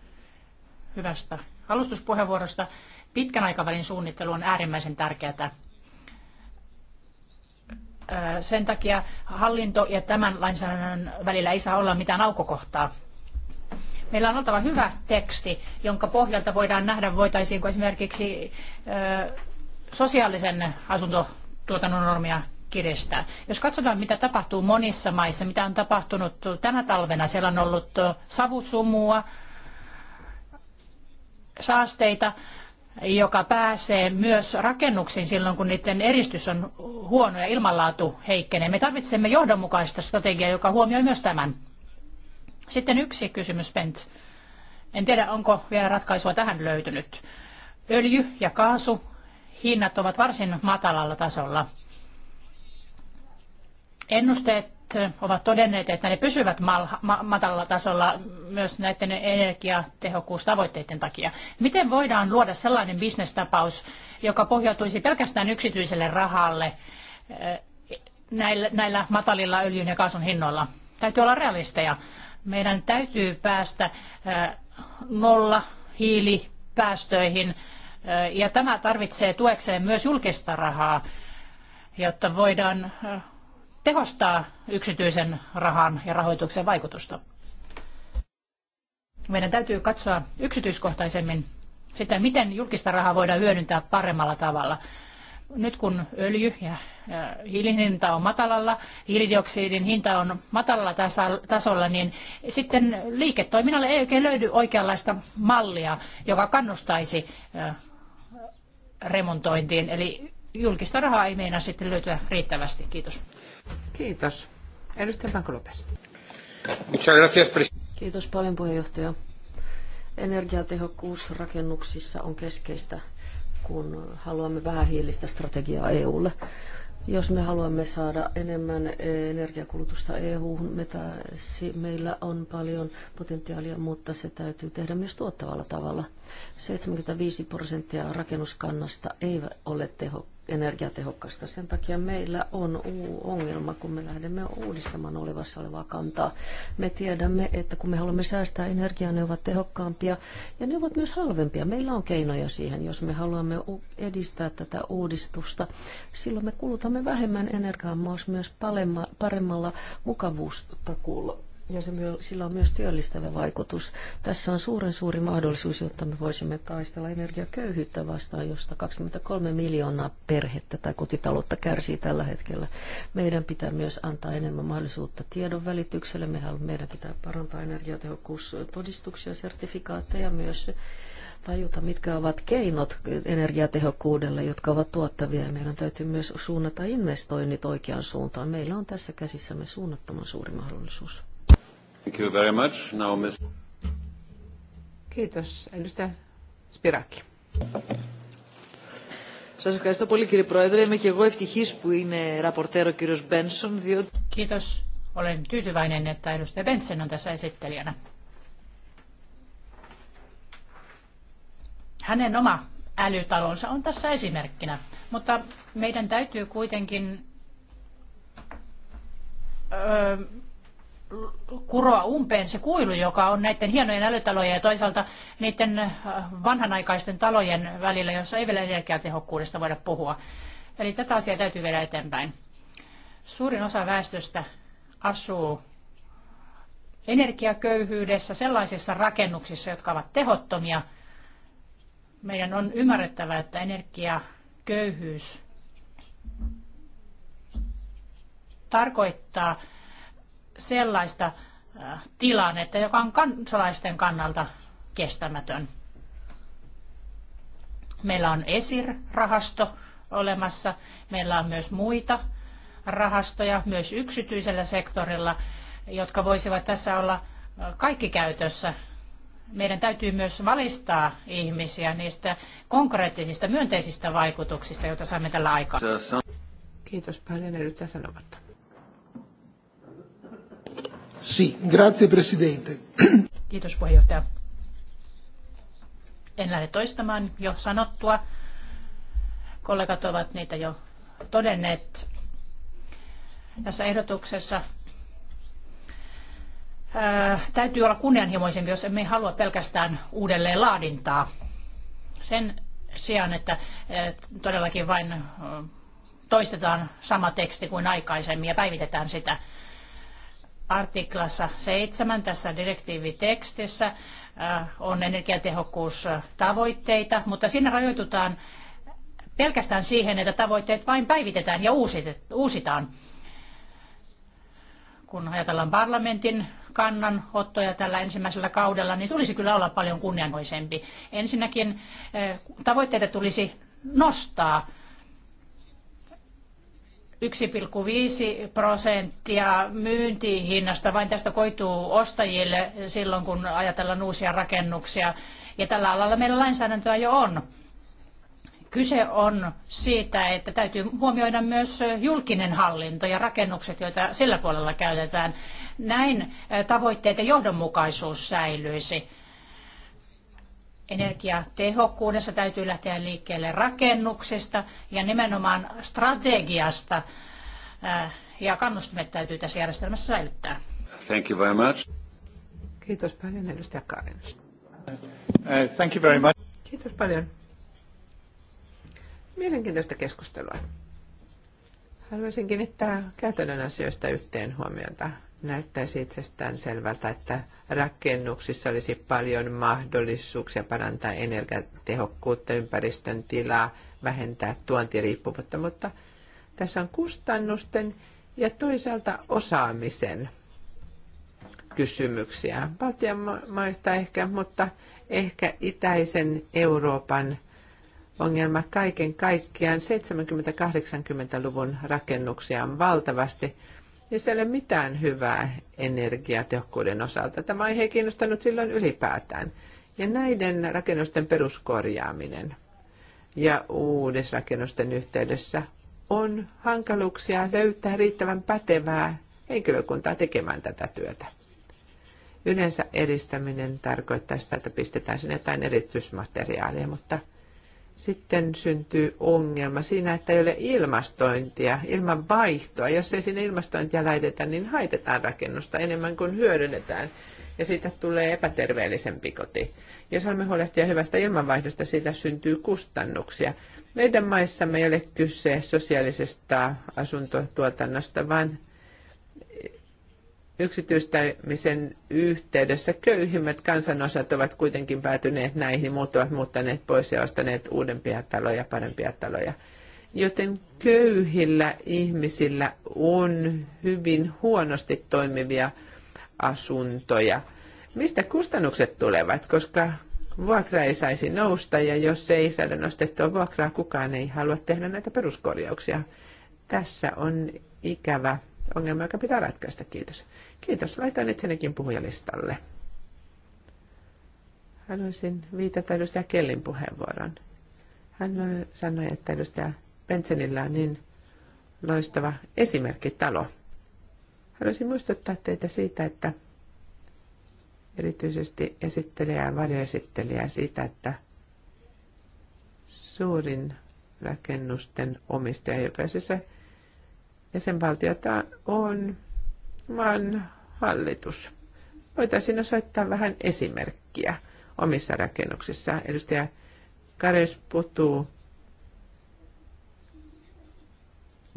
hyvästä alustuspuheenvuorosta. Pitkän aikavälin suunnittelu on äärimmäisen tärkeää. Äh, sen takia hallinto ja tämän lainsäädännön välillä ei saa olla mitään aukokohtaa. Meillä on oltava hyvä teksti, jonka pohjalta voidaan nähdä, voitaisiinko esimerkiksi äh, sosiaalisen asuntotuotannon normia kiristää. Jos katsotaan, mitä tapahtuu monissa maissa, mitä on tapahtunut tänä talvena, siellä on ollut savusumua, saasteita, joka pääsee myös rakennuksiin silloin, kun niiden eristys on huono ja ilmanlaatu heikkenee. Me tarvitsemme johdonmukaista strategiaa, joka huomioi myös tämän. Sitten yksi kysymys, Bent. En tiedä, onko vielä ratkaisua tähän löytynyt. Öljy ja kaasu hinnat ovat varsin matalalla tasolla. Ennusteet ovat todenneet, että ne pysyvät matalalla tasolla myös näiden energiatehokkuustavoitteiden takia. Miten voidaan luoda sellainen bisnestapaus, joka pohjautuisi pelkästään yksityiselle rahalle eh, näillä, näillä matalilla öljyn ja kaasun hinnoilla? Täytyy olla realisteja. Meidän täytyy päästä eh, nolla hiilipäästöihin eh, ja tämä tarvitsee tuekseen myös julkista rahaa jotta voidaan tehostaa yksityisen rahan ja rahoituksen vaikutusta. Meidän täytyy katsoa yksityiskohtaisemmin sitä, miten julkista rahaa voidaan hyödyntää paremmalla tavalla. Nyt kun öljy ja hiilihinta on matalalla, hiilidioksidin hinta on matalalla tasolla, niin sitten liiketoiminnalle ei oikein löydy oikeanlaista mallia, joka kannustaisi remontointiin. Eli julkista rahaa ei meinaa sitten löytyä riittävästi. Kiitos. Kiitos. Edustaja Banko Kiitos paljon puheenjohtaja. Energiatehokkuus rakennuksissa on keskeistä, kun haluamme vähähiilistä strategiaa EUlle. Jos me haluamme saada enemmän energiakulutusta EU-hun, meillä on paljon potentiaalia, mutta se täytyy tehdä myös tuottavalla tavalla. 75 prosenttia rakennuskannasta ei ole tehokkuutta energiatehokkaista. Sen takia meillä on ongelma, kun me lähdemme uudistamaan olevassa olevaa kantaa. Me tiedämme, että kun me haluamme säästää energiaa, ne ovat tehokkaampia ja ne ovat myös halvempia. Meillä on keinoja siihen. Jos me haluamme edistää tätä uudistusta, silloin me kulutamme vähemmän energiaa myös paremmalla mukavuustakulla ja se myö, sillä on myös työllistävä vaikutus. Tässä on suuren suuri mahdollisuus, jotta me voisimme taistella energiaköyhyyttä vastaan, josta 23 miljoonaa perhettä tai kotitaloutta kärsii tällä hetkellä. Meidän pitää myös antaa enemmän mahdollisuutta tiedon välitykselle. Me meidän pitää parantaa energiatehokkuustodistuksia, sertifikaatteja myös tajuta, mitkä ovat keinot energiatehokkuudelle, jotka ovat tuottavia. Meidän täytyy myös suunnata investoinnit oikeaan suuntaan. Meillä on tässä käsissämme suunnattoman suuri mahdollisuus. Thank you very much. Now, Ms. Kiitos. Edustaja Spiraki. Σας ευχαριστώ πολύ κύριε Πρόεδρε. Είμαι και εγώ ευτυχής που είναι ραπορτέρο κύριος Μπένσον. Διότι... Kiitos. Olen tyytyväinen, että edustaja Benson on tässä esittelijänä. Hänen oma älytalonsa on tässä esimerkkinä, mutta meidän täytyy kuitenkin öö, kuroa umpeen se kuilu, joka on näiden hienojen älytalojen ja toisaalta niiden äh, vanhanaikaisten talojen välillä, jossa ei vielä energiatehokkuudesta voida puhua. Eli tätä asiaa täytyy viedä eteenpäin. Suurin osa väestöstä asuu energiaköyhyydessä, sellaisissa rakennuksissa, jotka ovat tehottomia. Meidän on ymmärrettävä, että energiaköyhyys tarkoittaa sellaista äh, tilannetta, joka on kansalaisten kannalta kestämätön. Meillä on ESIR-rahasto olemassa, meillä on myös muita rahastoja myös yksityisellä sektorilla, jotka voisivat tässä olla äh, kaikki käytössä. Meidän täytyy myös valistaa ihmisiä niistä konkreettisista myönteisistä vaikutuksista, joita saamme tällä aikaa. Kiitos paljon edustaja sanomatta grazie presidente. Kiitos puheenjohtaja. En lähde toistamaan jo sanottua. Kollegat ovat niitä jo todenneet. Tässä ehdotuksessa ää, täytyy olla kunnianhimoisempi, jos emme halua pelkästään uudelleen laadintaa. Sen sijaan, että todellakin vain toistetaan sama teksti kuin aikaisemmin ja päivitetään sitä artiklassa 7 tässä direktiivitekstissä äh, on energiatehokkuustavoitteita, mutta siinä rajoitutaan pelkästään siihen, että tavoitteet vain päivitetään ja uusitaan. Kun ajatellaan parlamentin kannanottoja tällä ensimmäisellä kaudella, niin tulisi kyllä olla paljon kunnianhoisempi. Ensinnäkin äh, tavoitteita tulisi nostaa 1,5 prosenttia myyntihinnasta vain tästä koituu ostajille silloin, kun ajatellaan uusia rakennuksia. Ja tällä alalla meillä lainsäädäntöä jo on. Kyse on siitä, että täytyy huomioida myös julkinen hallinto ja rakennukset, joita sillä puolella käytetään. Näin tavoitteet ja johdonmukaisuus säilyisi energiatehokkuudessa täytyy lähteä liikkeelle rakennuksista ja nimenomaan strategiasta. Äh, ja kannustimet täytyy tässä järjestelmässä säilyttää. Thank you very much. Kiitos paljon edustaja Karins. Uh, thank you very much. Kiitos paljon. Mielenkiintoista keskustelua. Haluaisin kiinnittää käytännön asioista yhteen huomiota näyttäisi itsestään selvältä, että rakennuksissa olisi paljon mahdollisuuksia parantaa energiatehokkuutta, ympäristön tilaa, vähentää tuontiriippuvuutta, mutta tässä on kustannusten ja toisaalta osaamisen kysymyksiä. Baltian maista ehkä, mutta ehkä itäisen Euroopan ongelma kaiken kaikkiaan. 70-80-luvun rakennuksia on valtavasti niissä ei ole mitään hyvää energiatehokkuuden osalta. Tämä ei kiinnostanut silloin ylipäätään. Ja näiden rakennusten peruskorjaaminen ja uudisrakennusten yhteydessä on hankaluuksia löytää riittävän pätevää henkilökuntaa tekemään tätä työtä. Yleensä edistäminen tarkoittaa sitä, että pistetään sinne jotain edistysmateriaalia, mutta – sitten syntyy ongelma siinä, että ei ole ilmastointia, ilman vaihtoa. Jos ei sinne ilmastointia laiteta, niin haitetaan rakennusta enemmän kuin hyödynnetään, ja siitä tulee epäterveellisempi koti. Jos haluamme huolehtia hyvästä ilmanvaihdosta, siitä syntyy kustannuksia. Meidän maissamme ei ole kyse sosiaalisesta asuntotuotannosta, vaan yksityistämisen yhteydessä köyhimmät kansanosat ovat kuitenkin päätyneet näihin, muut ovat muuttaneet pois ja ostaneet uudempia taloja, parempia taloja. Joten köyhillä ihmisillä on hyvin huonosti toimivia asuntoja. Mistä kustannukset tulevat, koska vuokra ei saisi nousta ja jos ei saada nostettua vuokraa, kukaan ei halua tehdä näitä peruskorjauksia. Tässä on ikävä ongelma, joka pitää ratkaista. Kiitos. Kiitos. Laitan itsenekin puhujalistalle. Haluaisin viitata edustaja Kellin puheenvuoron. Hän sanoi, että edustaja Bensenillä on niin loistava esimerkkitalo. Haluaisin muistuttaa teitä siitä, että erityisesti esittelijä ja varjoesittelijä siitä, että suurin rakennusten omistaja jokaisessa jäsenvaltiota on maan hallitus. Voitaisiin osoittaa vähän esimerkkiä omissa rakennuksissa. Edustaja Kares puhuu,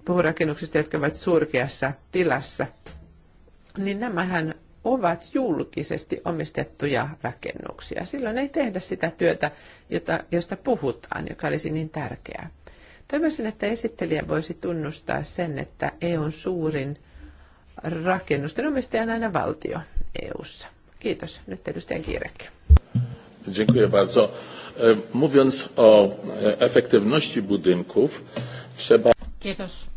puhuu rakennuksista, jotka ovat surkeassa tilassa. Niin nämähän ovat julkisesti omistettuja rakennuksia. Silloin ei tehdä sitä työtä, jota, josta puhutaan, joka olisi niin tärkeää. Toivoisin, että esittelijä voisi tunnustaa sen, että EUn suurin – rakennusten omistajan aina valtio EU:ssa. Kiitos. Nyt edustaja Kiirekki. Dziękuję bardzo. E, mówiąc o e, efektywności budynków, trzeba... Kiitos.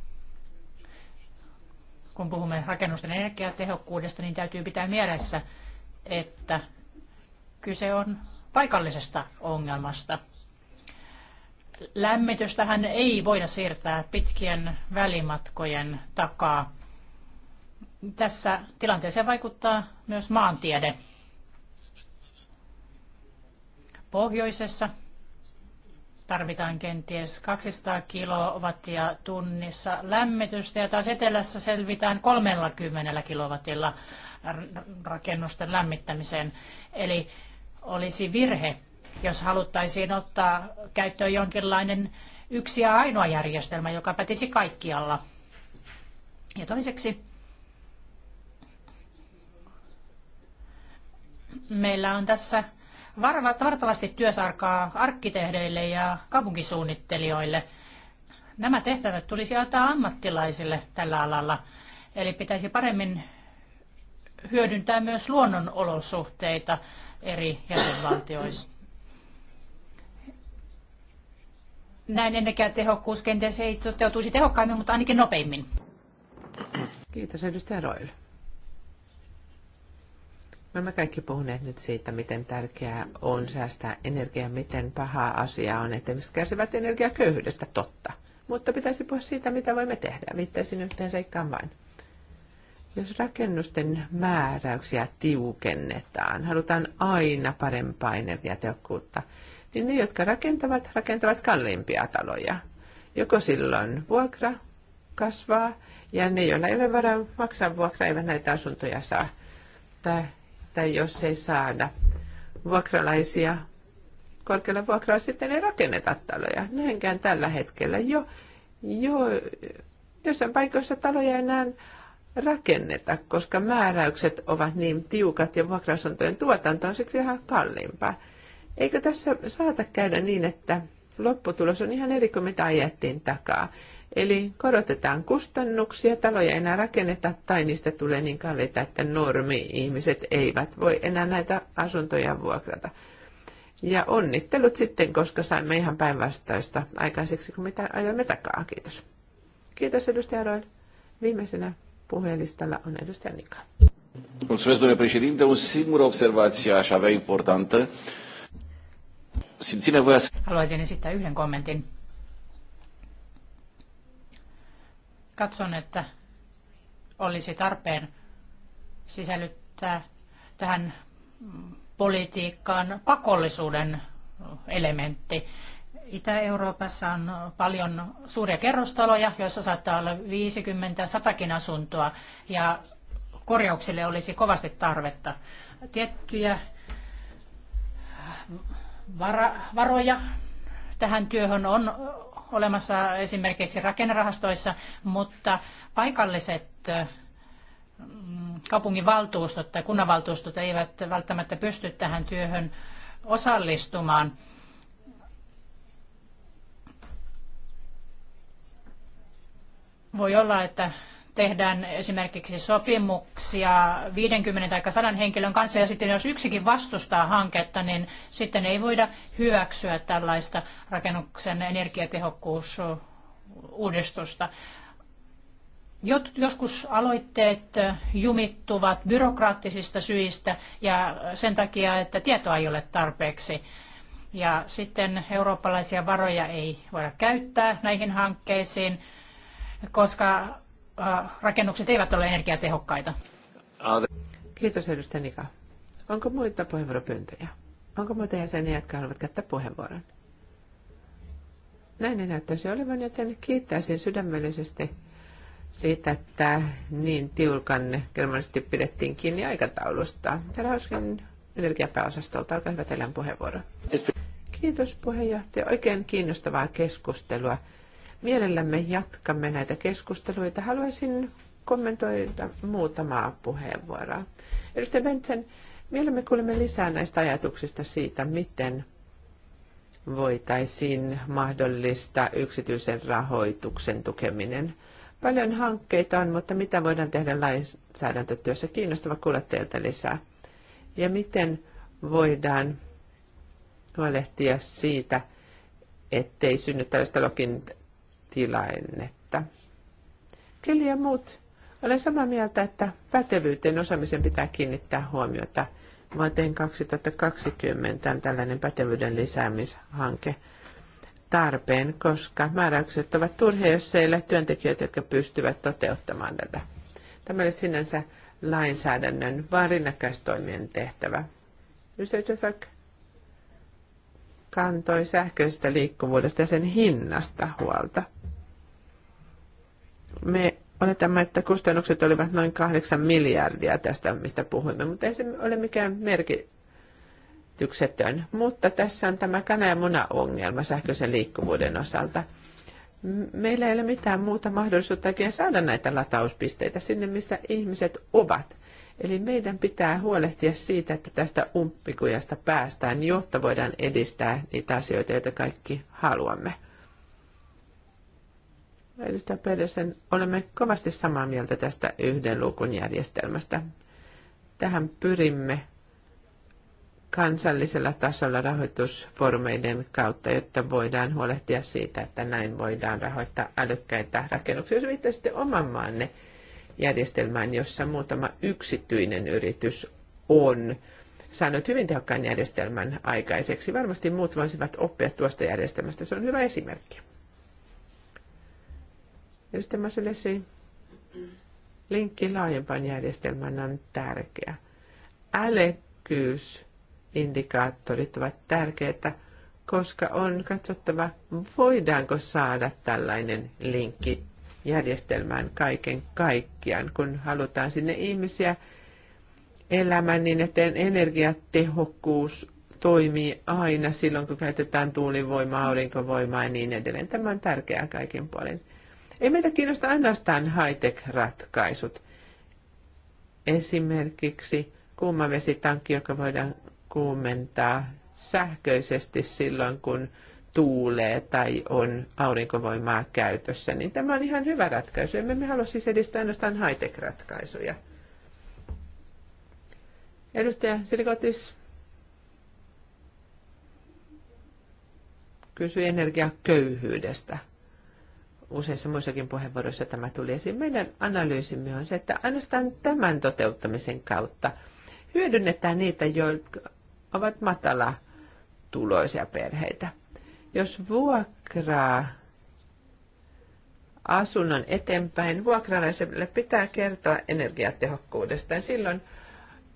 Kun puhumme rakennusten energiatehokkuudesta, niin täytyy pitää mielessä, että kyse on paikallisesta ongelmasta. Lämmitystähän ei voida siirtää pitkien välimatkojen takaa tässä tilanteeseen vaikuttaa myös maantiede. Pohjoisessa tarvitaan kenties 200 kilowattia tunnissa lämmitystä ja taas etelässä selvitään 30 kilowattilla rakennusten lämmittämiseen. Eli olisi virhe, jos haluttaisiin ottaa käyttöön jonkinlainen yksi ja ainoa järjestelmä, joka pätisi kaikkialla. Ja toiseksi Meillä on tässä vartavasti työsarkaa arkkitehdeille ja kaupunkisuunnittelijoille. Nämä tehtävät tulisi ottaa ammattilaisille tällä alalla, eli pitäisi paremmin hyödyntää myös luonnonolosuhteita eri jäsenvaltioissa. Näin tehokkuus kenties ei toteutuisi tehokkaimmin, mutta ainakin nopeimmin. Kiitos edustaja Roille. No, me olemme kaikki puhuneet nyt siitä, miten tärkeää on säästää energiaa, miten paha asia on, että ihmiset kärsivät energiaköyhyydestä, totta. Mutta pitäisi puhua siitä, mitä voimme tehdä. Viittaisin yhteen seikkaan vain. Jos rakennusten määräyksiä tiukennetaan, halutaan aina parempaa energiatehokkuutta, niin ne, jotka rakentavat, rakentavat kalliimpia taloja. Joko silloin vuokra kasvaa, ja ne, joilla ei ole varaa maksaa vuokra, eivät näitä asuntoja saa. Tai tai jos ei saada vuokralaisia korkealla vuokraa sitten ei rakenneta taloja. Näinkään tällä hetkellä jo, jo jossain paikoissa taloja enää rakenneta, koska määräykset ovat niin tiukat ja vuokrasuntojen tuotanto on siksi ihan kalliimpaa. Eikö tässä saata käydä niin, että lopputulos on ihan eri kuin mitä ajettiin takaa? Eli korotetaan kustannuksia, taloja ei enää rakenneta tai niistä tulee niin kalliita, että normi-ihmiset eivät voi enää näitä asuntoja vuokrata. Ja onnittelut sitten, koska saimme ihan päinvastaista aikaiseksi kuin mitä ajoimme takaa. Kiitos. Kiitos edustaja Roil. Viimeisenä puhelistalla on edustaja Nika. Mulțumesc, domnule președinte. O singură observație aș avea importantă. Haluaisin esittää yhden kommentin. Katson, että olisi tarpeen sisällyttää tähän politiikkaan pakollisuuden elementti. Itä-Euroopassa on paljon suuria kerrostaloja, joissa saattaa olla 50-100kin asuntoa ja korjauksille olisi kovasti tarvetta. Tiettyjä vara, varoja tähän työhön on olemassa esimerkiksi rakennerahastoissa, mutta paikalliset mm, kaupunginvaltuustot tai kunnanvaltuustot eivät välttämättä pysty tähän työhön osallistumaan. Voi olla, että tehdään esimerkiksi sopimuksia 50 tai 100 henkilön kanssa ja sitten jos yksikin vastustaa hanketta, niin sitten ei voida hyväksyä tällaista rakennuksen energiatehokkuusuudistusta. Jot, joskus aloitteet jumittuvat byrokraattisista syistä ja sen takia, että tietoa ei ole tarpeeksi. Ja sitten eurooppalaisia varoja ei voida käyttää näihin hankkeisiin, koska Äh, rakennukset eivät ole energiatehokkaita. Kiitos edustaja Nika. Onko muita puheenvuoropyyntöjä? Onko muita jäseniä, jotka haluavat käyttää puheenvuoron? Näin ei näyttäisi olevan, joten kiittäisin sydämellisesti siitä, että niin tiulkanne kelmallisesti pidettiin kiinni aikataulusta. Täällä olisikin energiapääosastolta, olkaa hyvä teidän puheenvuoro. Kiitos puheenjohtaja. Oikein kiinnostavaa keskustelua. Mielellämme jatkamme näitä keskusteluita. Haluaisin kommentoida muutamaa puheenvuoroa. Edustaja Bentsen, mielemme kuulemme lisää näistä ajatuksista siitä, miten voitaisiin mahdollistaa yksityisen rahoituksen tukeminen. Paljon hankkeita on, mutta mitä voidaan tehdä lainsäädäntötyössä? Kiinnostava kuulla teiltä lisää. Ja miten voidaan huolehtia siitä, ettei synny tällaista tilannetta. Kieli ja muut. Olen samaa mieltä, että pätevyyteen osaamisen pitää kiinnittää huomiota. Vuoteen 2020 on tällainen pätevyyden lisäämishanke tarpeen, koska määräykset ovat turhia, jos ei ole työntekijöitä, jotka pystyvät toteuttamaan tätä. Tämä oli sinänsä lainsäädännön, vaan rinnakkaistoimien tehtävä. Ysäytösak kantoi sähköisestä liikkuvuudesta ja sen hinnasta huolta me oletamme, että kustannukset olivat noin 8 miljardia tästä, mistä puhuimme, mutta ei se ole mikään merkityksetön. Mutta tässä on tämä kana- ja muna-ongelma sähköisen liikkuvuuden osalta. Meillä ei ole mitään muuta mahdollisuutta oikein saada näitä latauspisteitä sinne, missä ihmiset ovat. Eli meidän pitää huolehtia siitä, että tästä umppikujasta päästään, jotta voidaan edistää niitä asioita, joita kaikki haluamme. Edustaja Pedersen, olemme kovasti samaa mieltä tästä yhden luukun järjestelmästä. Tähän pyrimme kansallisella tasolla rahoitusformeiden kautta, jotta voidaan huolehtia siitä, että näin voidaan rahoittaa älykkäitä rakennuksia. Jos viittasitte oman maanne järjestelmään, jossa muutama yksityinen yritys on saanut hyvin tehokkaan järjestelmän aikaiseksi, varmasti muut voisivat oppia tuosta järjestelmästä. Se on hyvä esimerkki. Edustaja Masulesi, linkki laajempaan järjestelmään on tärkeä. Älekkyysindikaattorit ovat tärkeitä, koska on katsottava, voidaanko saada tällainen linkki järjestelmään kaiken kaikkiaan, kun halutaan sinne ihmisiä elämän niin, että energiatehokkuus toimii aina silloin, kun käytetään tuulivoimaa, aurinkovoimaa ja niin edelleen. Tämä on tärkeää kaiken puolin. Ei meitä kiinnosta ainoastaan high-tech-ratkaisut. Esimerkiksi vesitankki, joka voidaan kuumentaa sähköisesti silloin, kun tuulee tai on aurinkovoimaa käytössä, niin tämä on ihan hyvä ratkaisu. Emme me halua siis edistää ainoastaan high-tech-ratkaisuja. Edustaja Silikotis kysyi energiaköyhyydestä useissa muissakin puheenvuoroissa tämä tuli esiin. Meidän analyysimme on se, että ainoastaan tämän toteuttamisen kautta hyödynnetään niitä, jotka ovat matala tuloisia perheitä. Jos vuokraa asunnon eteenpäin, vuokralaiselle pitää kertoa energiatehokkuudesta. Silloin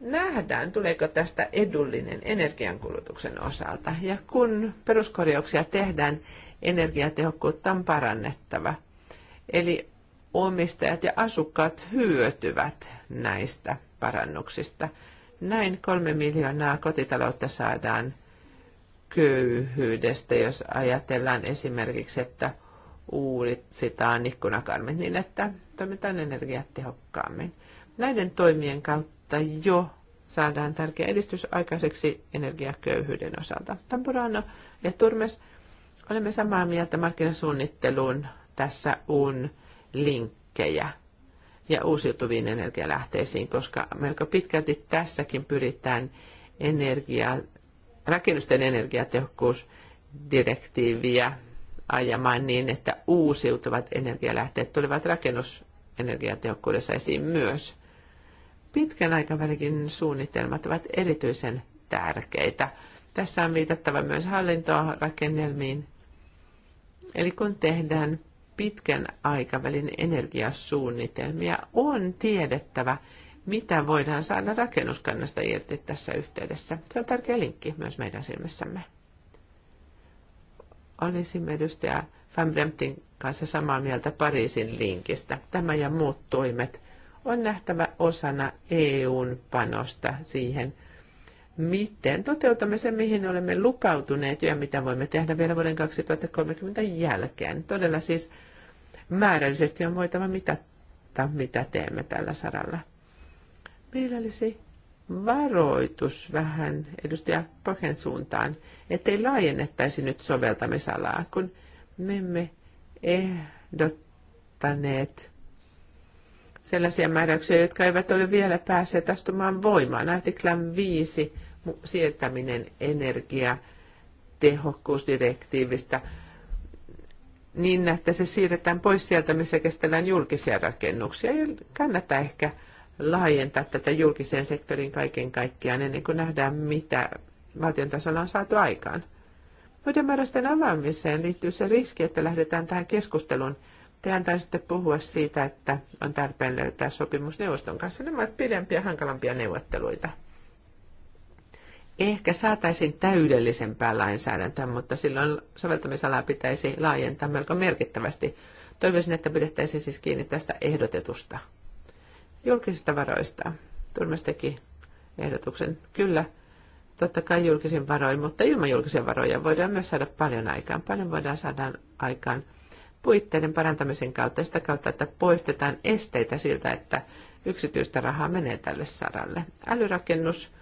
nähdään, tuleeko tästä edullinen energiankulutuksen osalta. Ja kun peruskorjauksia tehdään, energiatehokkuutta on parannettava. Eli omistajat ja asukkaat hyötyvät näistä parannuksista. Näin kolme miljoonaa kotitaloutta saadaan köyhyydestä, jos ajatellaan esimerkiksi, että uudistetaan ikkunakarmit niin, että toimitaan energiatehokkaammin. Näiden toimien kautta jo saadaan tärkeä edistys aikaiseksi energiaköyhyyden osalta. Tamburano ja Turmes Olemme samaa mieltä markkinasuunnitteluun. Tässä on linkkejä ja uusiutuviin energialähteisiin, koska melko pitkälti tässäkin pyritään energiaa, rakennusten energiatehokkuusdirektiiviä ajamaan niin, että uusiutuvat energialähteet tulevat rakennusenergiatehokkuudessa esiin myös. Pitkän aikavälin suunnitelmat ovat erityisen tärkeitä. Tässä on viitattava myös hallintorakennelmiin Eli kun tehdään pitkän aikavälin energiasuunnitelmia, on tiedettävä, mitä voidaan saada rakennuskannasta irti tässä yhteydessä. Se on tärkeä linkki myös meidän silmissämme. Olisimme edustaja Van Bremtin kanssa samaa mieltä Pariisin linkistä. Tämä ja muut toimet on nähtävä osana EUn panosta siihen – miten toteutamme sen, mihin olemme lupautuneet ja mitä voimme tehdä vielä vuoden 2030 jälkeen. Todella siis määrällisesti on voitava mitata, mitä teemme tällä saralla. Meillä olisi varoitus vähän edustaja Pohjan suuntaan, ettei laajennettaisi nyt soveltamisalaa, kun me emme ehdottaneet sellaisia määräyksiä, jotka eivät ole vielä päässeet astumaan voimaan. Artiklan 5 siirtäminen energia-tehokkuusdirektiivistä, niin, että se siirretään pois sieltä, missä kestellään julkisia rakennuksia. Ja kannattaa ehkä laajentaa tätä julkiseen sektoriin kaiken kaikkiaan ennen kuin nähdään, mitä valtion tasolla on saatu aikaan. Muiden määräisten avaamiseen liittyy se riski, että lähdetään tähän keskusteluun. Te antaisitte puhua siitä, että on tarpeen löytää sopimus neuvoston kanssa. Nämä ovat pidempiä, hankalampia neuvotteluita ehkä saataisiin täydellisempää lainsäädäntöä, mutta silloin soveltamisalaa pitäisi laajentaa melko merkittävästi. Toivoisin, että pidettäisiin siis kiinni tästä ehdotetusta. Julkisista varoista. Turmes teki ehdotuksen. Kyllä, totta kai julkisin varoin, mutta ilman julkisia varoja voidaan myös saada paljon aikaan. Paljon voidaan saada aikaan puitteiden parantamisen kautta sitä kautta, että poistetaan esteitä siltä, että yksityistä rahaa menee tälle saralle. Älyrakennus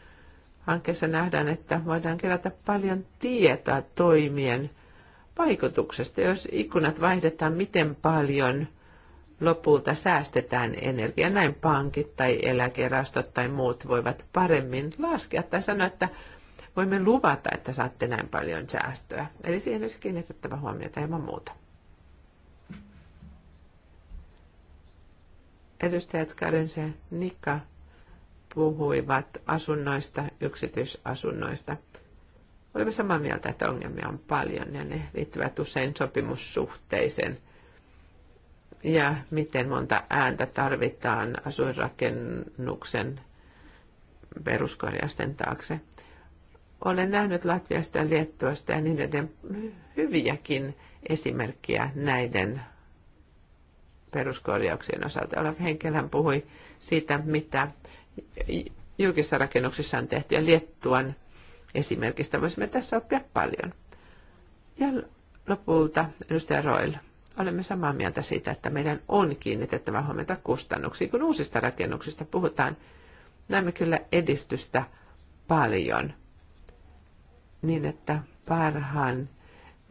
Hankkeessa nähdään, että voidaan kerätä paljon tietoa toimien vaikutuksesta. Jos ikkunat vaihdetaan, miten paljon lopulta säästetään energiaa, näin pankit tai eläkerastot tai muut voivat paremmin laskea tai sanoa, että voimme luvata, että saatte näin paljon säästöä. Eli siihen olisi kiinnitettävä huomiota ilman muuta. Edustajat Karense, Nikka puhuivat asunnoista, yksityisasunnoista. Olemme samaa mieltä, että ongelmia on paljon ja ne liittyvät usein sopimussuhteisen ja miten monta ääntä tarvitaan asuinrakennuksen peruskorjausten taakse. Olen nähnyt Latviasta ja Liettuasta ja niiden hyviäkin esimerkkiä näiden peruskorjauksien osalta. Olaf Henkelhän puhui siitä, mitä julkisissa rakennuksissa on tehty ja Liettuan esimerkistä voisimme tässä oppia paljon. Ja lopulta edustaja Roil, olemme samaa mieltä siitä, että meidän on kiinnitettävä huomenta kustannuksiin. Kun uusista rakennuksista puhutaan, näemme kyllä edistystä paljon niin, että parhaan,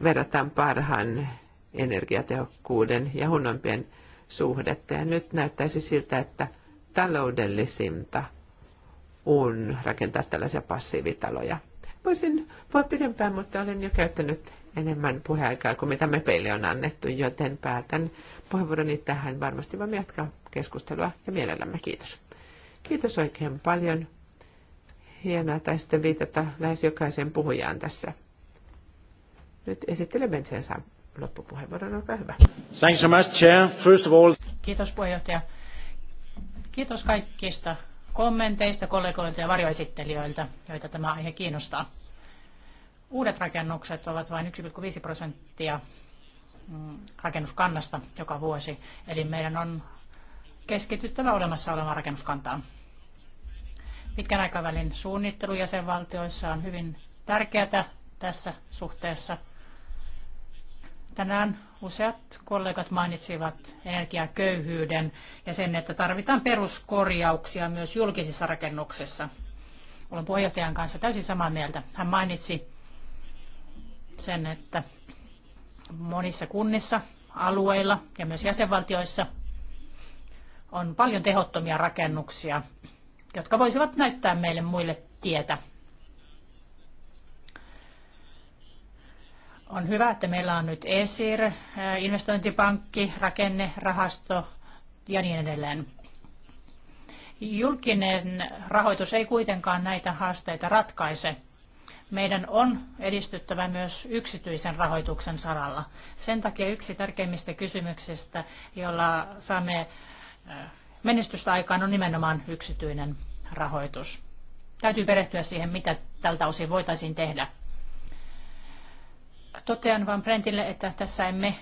verrataan parhaan energiatehokkuuden ja hunnompien suhdetta. Ja nyt näyttäisi siltä, että taloudellisinta on rakentaa tällaisia passiivitaloja. Voisin voi pidempään, mutta olen jo käyttänyt enemmän puheaikaa kuin mitä me peille on annettu, joten päätän puheenvuoroni tähän. Varmasti voimme jatkaa keskustelua ja mielellämme kiitos. Kiitos oikein paljon. Hienoa, tai sitten viitata lähes jokaiseen puhujaan tässä. Nyt esittelemme Bensensä loppupuheenvuoron, olkaa hyvä. Thanks so much, Chair. First of all... Kiitos puheenjohtaja. Kiitos kaikista kommenteista, kollegoilta ja varjoesittelijöiltä, joita tämä aihe kiinnostaa. Uudet rakennukset ovat vain 1,5 prosenttia mm, rakennuskannasta joka vuosi, eli meidän on keskityttävä olemassa olevaan rakennuskantaan. Pitkän aikavälin suunnittelu jäsenvaltioissa on hyvin tärkeää tässä suhteessa – Tänään useat kollegat mainitsivat energiaköyhyyden ja sen, että tarvitaan peruskorjauksia myös julkisissa rakennuksissa. Olen puheenjohtajan kanssa täysin samaa mieltä. Hän mainitsi sen, että monissa kunnissa, alueilla ja myös jäsenvaltioissa on paljon tehottomia rakennuksia, jotka voisivat näyttää meille muille tietä On hyvä, että meillä on nyt ESIR, eh, investointipankki, rakennerahasto ja niin edelleen. Julkinen rahoitus ei kuitenkaan näitä haasteita ratkaise. Meidän on edistyttävä myös yksityisen rahoituksen saralla. Sen takia yksi tärkeimmistä kysymyksistä, jolla saamme eh, menestystä aikaan, on nimenomaan yksityinen rahoitus. Täytyy perehtyä siihen, mitä tältä osin voitaisiin tehdä. Totean vain Brentille, että tässä emme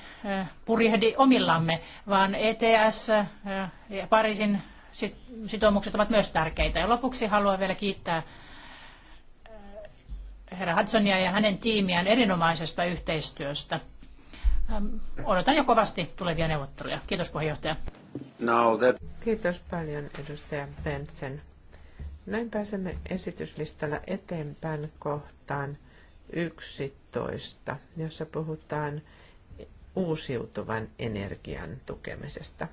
purjehdi omillamme, vaan ETS ja Pariisin sitoumukset ovat myös tärkeitä. Ja lopuksi haluan vielä kiittää herra Hudsonia ja hänen tiimiään erinomaisesta yhteistyöstä. Odotan jo kovasti tulevia neuvotteluja. Kiitos puheenjohtaja. that... Kiitos paljon edustaja Benson. Näin pääsemme esityslistalla eteenpäin kohtaan yksi. 15, jossa puhutaan uusiutuvan energian tukemisesta.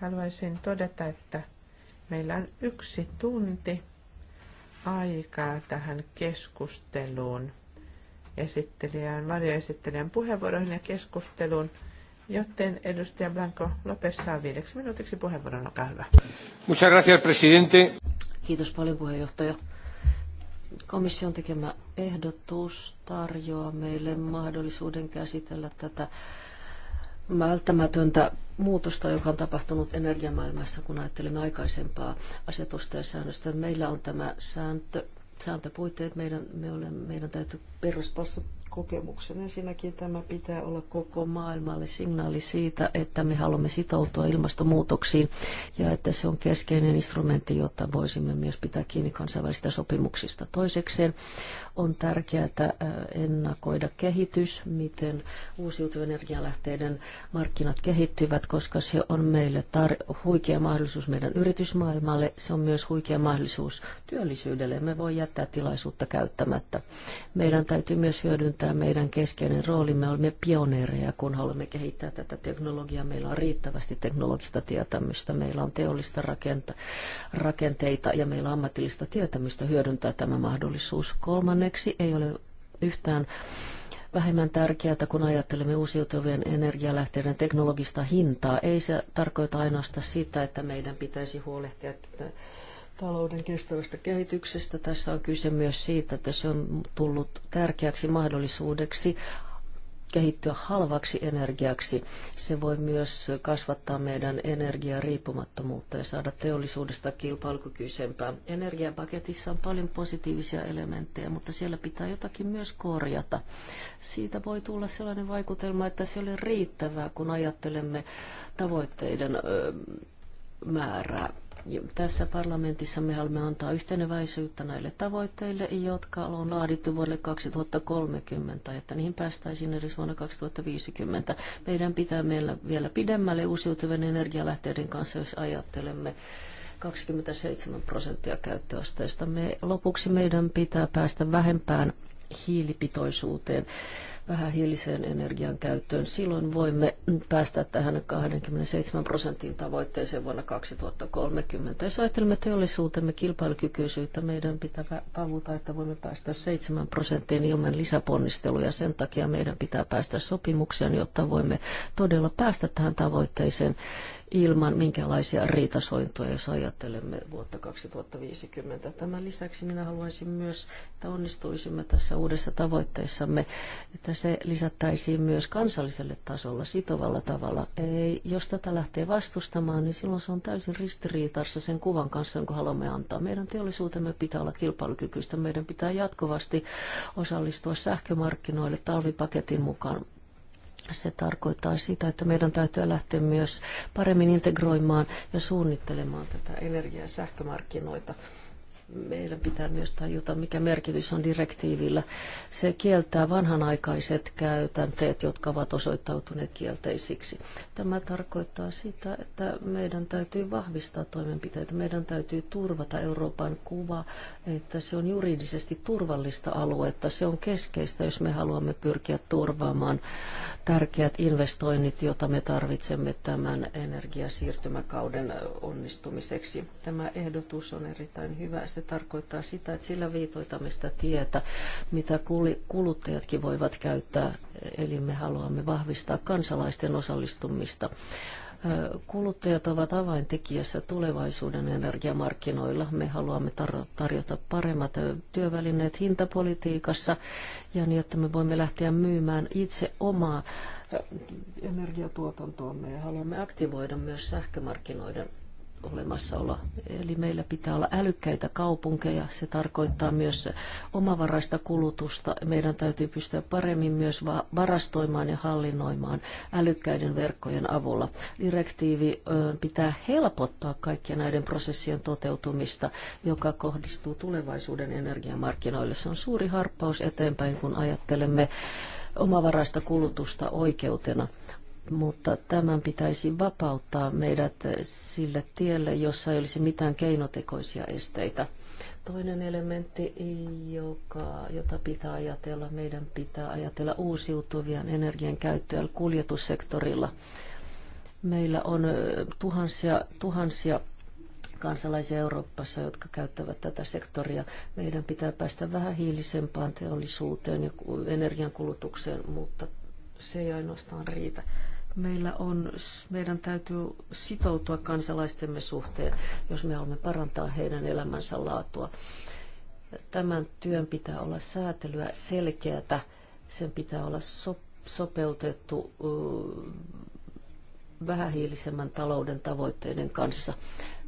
Haluaisin todeta, että meillä on yksi tunti aikaa tähän keskusteluun esittelijän, varjoesittelijän puheenvuoroihin ja keskusteluun, joten edustaja Blanco Lopes saa viideksi minuutiksi puheenvuoron, olkaa hyvä. Muchas gracias, presidente. Kiitos paljon puheenjohtaja. Komission tekemä ehdotus tarjoaa meille mahdollisuuden käsitellä tätä välttämätöntä muutosta, joka on tapahtunut energiamaailmassa, kun ajattelemme aikaisempaa asetusta ja säännöstä. Meillä on tämä sääntö, sääntöpuitteet, meidän, me olemme, meidän täytyy perustaa kokemuksena. Ensinnäkin tämä pitää olla koko maailmalle signaali siitä, että me haluamme sitoutua ilmastonmuutoksiin ja että se on keskeinen instrumentti, jotta voisimme myös pitää kiinni kansainvälisistä sopimuksista. Toisekseen on tärkeää ennakoida kehitys, miten uusiutuvien energialähteiden markkinat kehittyvät, koska se on meille tar- huikea mahdollisuus meidän yritysmaailmalle. Se on myös huikea mahdollisuus työllisyydelle. Me voi jättää tilaisuutta käyttämättä. Meidän täytyy myös hyödyntää meidän keskeinen rooli. Me olemme pioneereja, kun haluamme kehittää tätä teknologiaa. Meillä on riittävästi teknologista tietämystä. Meillä on teollista rakenta- rakenteita ja meillä on ammatillista tietämystä hyödyntää tämä mahdollisuus. Kolmannen Onneksi ei ole yhtään vähemmän tärkeää, kun ajattelemme uusiutuvien energialähteiden teknologista hintaa. Ei se tarkoita ainoastaan sitä, että meidän pitäisi huolehtia talouden kestävästä kehityksestä. Tässä on kyse myös siitä, että se on tullut tärkeäksi mahdollisuudeksi kehittyä halvaksi energiaksi. Se voi myös kasvattaa meidän energiariippumattomuutta ja saada teollisuudesta kilpailukykyisempää. Energiapaketissa on paljon positiivisia elementtejä, mutta siellä pitää jotakin myös korjata. Siitä voi tulla sellainen vaikutelma, että se oli riittävää, kun ajattelemme tavoitteiden määrää tässä parlamentissa me haluamme antaa yhteneväisyyttä näille tavoitteille, jotka on laadittu vuodelle 2030, että niihin päästäisiin edes vuonna 2050. Meidän pitää meillä vielä pidemmälle uusiutuvien energialähteiden kanssa, jos ajattelemme 27 prosenttia käyttöasteesta. Me, lopuksi meidän pitää päästä vähempään hiilipitoisuuteen vähähiiliseen energian käyttöön. Silloin voimme päästä tähän 27 prosentin tavoitteeseen vuonna 2030. Jos ajattelemme teollisuutemme kilpailukykyisyyttä, meidän pitää tavuta, että voimme päästä 7 prosenttiin ilman lisäponnisteluja. Sen takia meidän pitää päästä sopimukseen, jotta voimme todella päästä tähän tavoitteeseen ilman minkälaisia riitasointoja, jos ajattelemme vuotta 2050. Tämän lisäksi minä haluaisin myös, että onnistuisimme tässä uudessa tavoitteessamme, että se lisättäisiin myös kansalliselle tasolla sitovalla tavalla. Ei, jos tätä lähtee vastustamaan, niin silloin se on täysin ristiriitassa sen kuvan kanssa, jonka haluamme antaa. Meidän teollisuutemme pitää olla kilpailukykyistä. Meidän pitää jatkuvasti osallistua sähkömarkkinoille talvipaketin mukaan se tarkoittaa sitä, että meidän täytyy lähteä myös paremmin integroimaan ja suunnittelemaan tätä energia- ja sähkömarkkinoita meidän pitää myös tajuta, mikä merkitys on direktiivillä. Se kieltää vanhanaikaiset käytänteet, jotka ovat osoittautuneet kielteisiksi. Tämä tarkoittaa sitä, että meidän täytyy vahvistaa toimenpiteitä. Meidän täytyy turvata Euroopan kuva, että se on juridisesti turvallista aluetta. Se on keskeistä, jos me haluamme pyrkiä turvaamaan tärkeät investoinnit, joita me tarvitsemme tämän energiasiirtymäkauden onnistumiseksi. Tämä ehdotus on erittäin hyvä se tarkoittaa sitä, että sillä viitoitamme sitä tietä, mitä kuluttajatkin voivat käyttää. Eli me haluamme vahvistaa kansalaisten osallistumista. Kuluttajat ovat avaintekijässä tulevaisuuden energiamarkkinoilla. Me haluamme tarjota paremmat työvälineet hintapolitiikassa ja niin, että me voimme lähteä myymään itse omaa energiatuotantoamme ja haluamme aktivoida myös sähkömarkkinoiden olemassaolo. Eli meillä pitää olla älykkäitä kaupunkeja. Se tarkoittaa myös omavaraista kulutusta. Meidän täytyy pystyä paremmin myös varastoimaan ja hallinnoimaan älykkäiden verkkojen avulla. Direktiivi pitää helpottaa kaikkia näiden prosessien toteutumista, joka kohdistuu tulevaisuuden energiamarkkinoille. Se on suuri harppaus eteenpäin, kun ajattelemme omavaraista kulutusta oikeutena mutta tämän pitäisi vapauttaa meidät sille tielle, jossa ei olisi mitään keinotekoisia esteitä. Toinen elementti, joka, jota pitää ajatella, meidän pitää ajatella uusiutuvien energian käyttöä kuljetussektorilla. Meillä on tuhansia, tuhansia kansalaisia Euroopassa, jotka käyttävät tätä sektoria. Meidän pitää päästä vähän hiilisempaan teollisuuteen ja energiankulutukseen, mutta se ei ainoastaan riitä meillä on, meidän täytyy sitoutua kansalaistemme suhteen, jos me haluamme parantaa heidän elämänsä laatua. Tämän työn pitää olla säätelyä selkeätä, sen pitää olla so, sopeutettu vähähiilisemmän talouden tavoitteiden kanssa.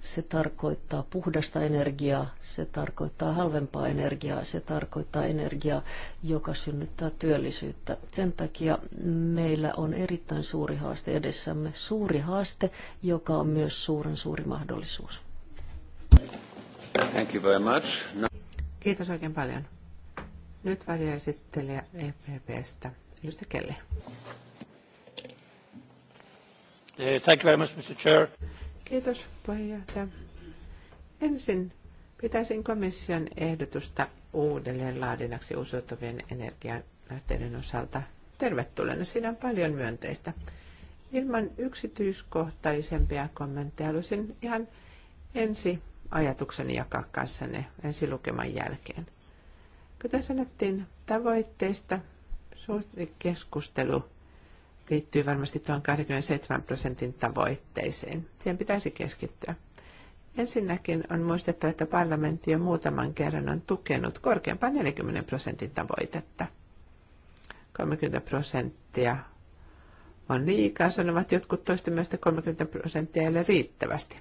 Se tarkoittaa puhdasta energiaa, se tarkoittaa halvempaa energiaa, se tarkoittaa energiaa, joka synnyttää työllisyyttä. Sen takia meillä on erittäin suuri haaste edessämme. Suuri haaste, joka on myös suuren suuri mahdollisuus. Thank you very much. No. Kiitos oikein paljon. Nyt väliesittelijä EPPstä. Ylistä Kelle. Eh, thank you very much, Mr. Chair. Kiitos puheenjohtaja. Ensin pitäisin komission ehdotusta uudelleen laadinnaksi uusiutuvien energianlähteiden osalta tervetulleena. Siinä on paljon myönteistä. Ilman yksityiskohtaisempia kommentteja haluaisin ihan ensi ajatukseni jakaa kanssanne ensi lukeman jälkeen. Kuten sanottiin, tavoitteista suuri keskustelu liittyy varmasti tuohon 27 prosentin tavoitteisiin. Siihen pitäisi keskittyä. Ensinnäkin on muistettava, että parlamentti jo muutaman kerran on tukenut korkeampaa 40 prosentin tavoitetta. 30 prosenttia on liikaa, sanovat jotkut toisten mielestä 30 prosenttia ei ole riittävästi.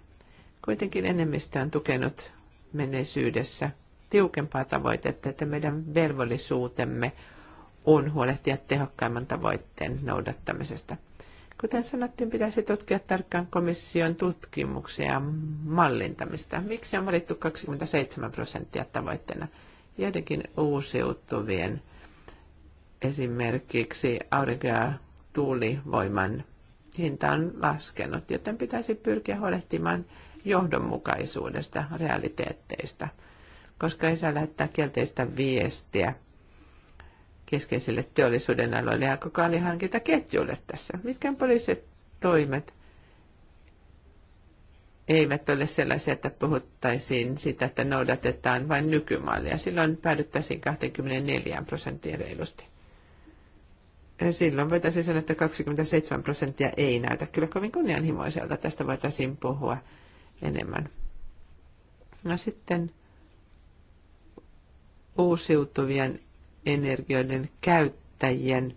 Kuitenkin enemmistö on tukenut menneisyydessä tiukempaa tavoitetta, että meidän velvollisuutemme – on huolehtia tehokkaimman tavoitteen noudattamisesta. Kuten sanottiin, pitäisi tutkia tarkkaan komission tutkimuksia ja mallintamista. Miksi on valittu 27 prosenttia tavoitteena? Joidenkin uusiutuvien, esimerkiksi aurinko- ja tuulivoiman hinta on laskenut, joten pitäisi pyrkiä huolehtimaan johdonmukaisuudesta, realiteetteista, koska ei saa lähettää kielteistä viestiä – keskeisille teollisuuden aloille ja koko alihankintaketjulle tässä. Mitkä poliisit toimet eivät ole sellaisia, että puhuttaisiin sitä, että noudatetaan vain nykymallia. Silloin päädyttäisiin 24 prosenttia reilusti. Silloin voitaisiin sanoa, että 27 prosenttia ei näytä kyllä kovin kunnianhimoiselta. Tästä voitaisiin puhua enemmän. No sitten uusiutuvien energioiden käyttäjien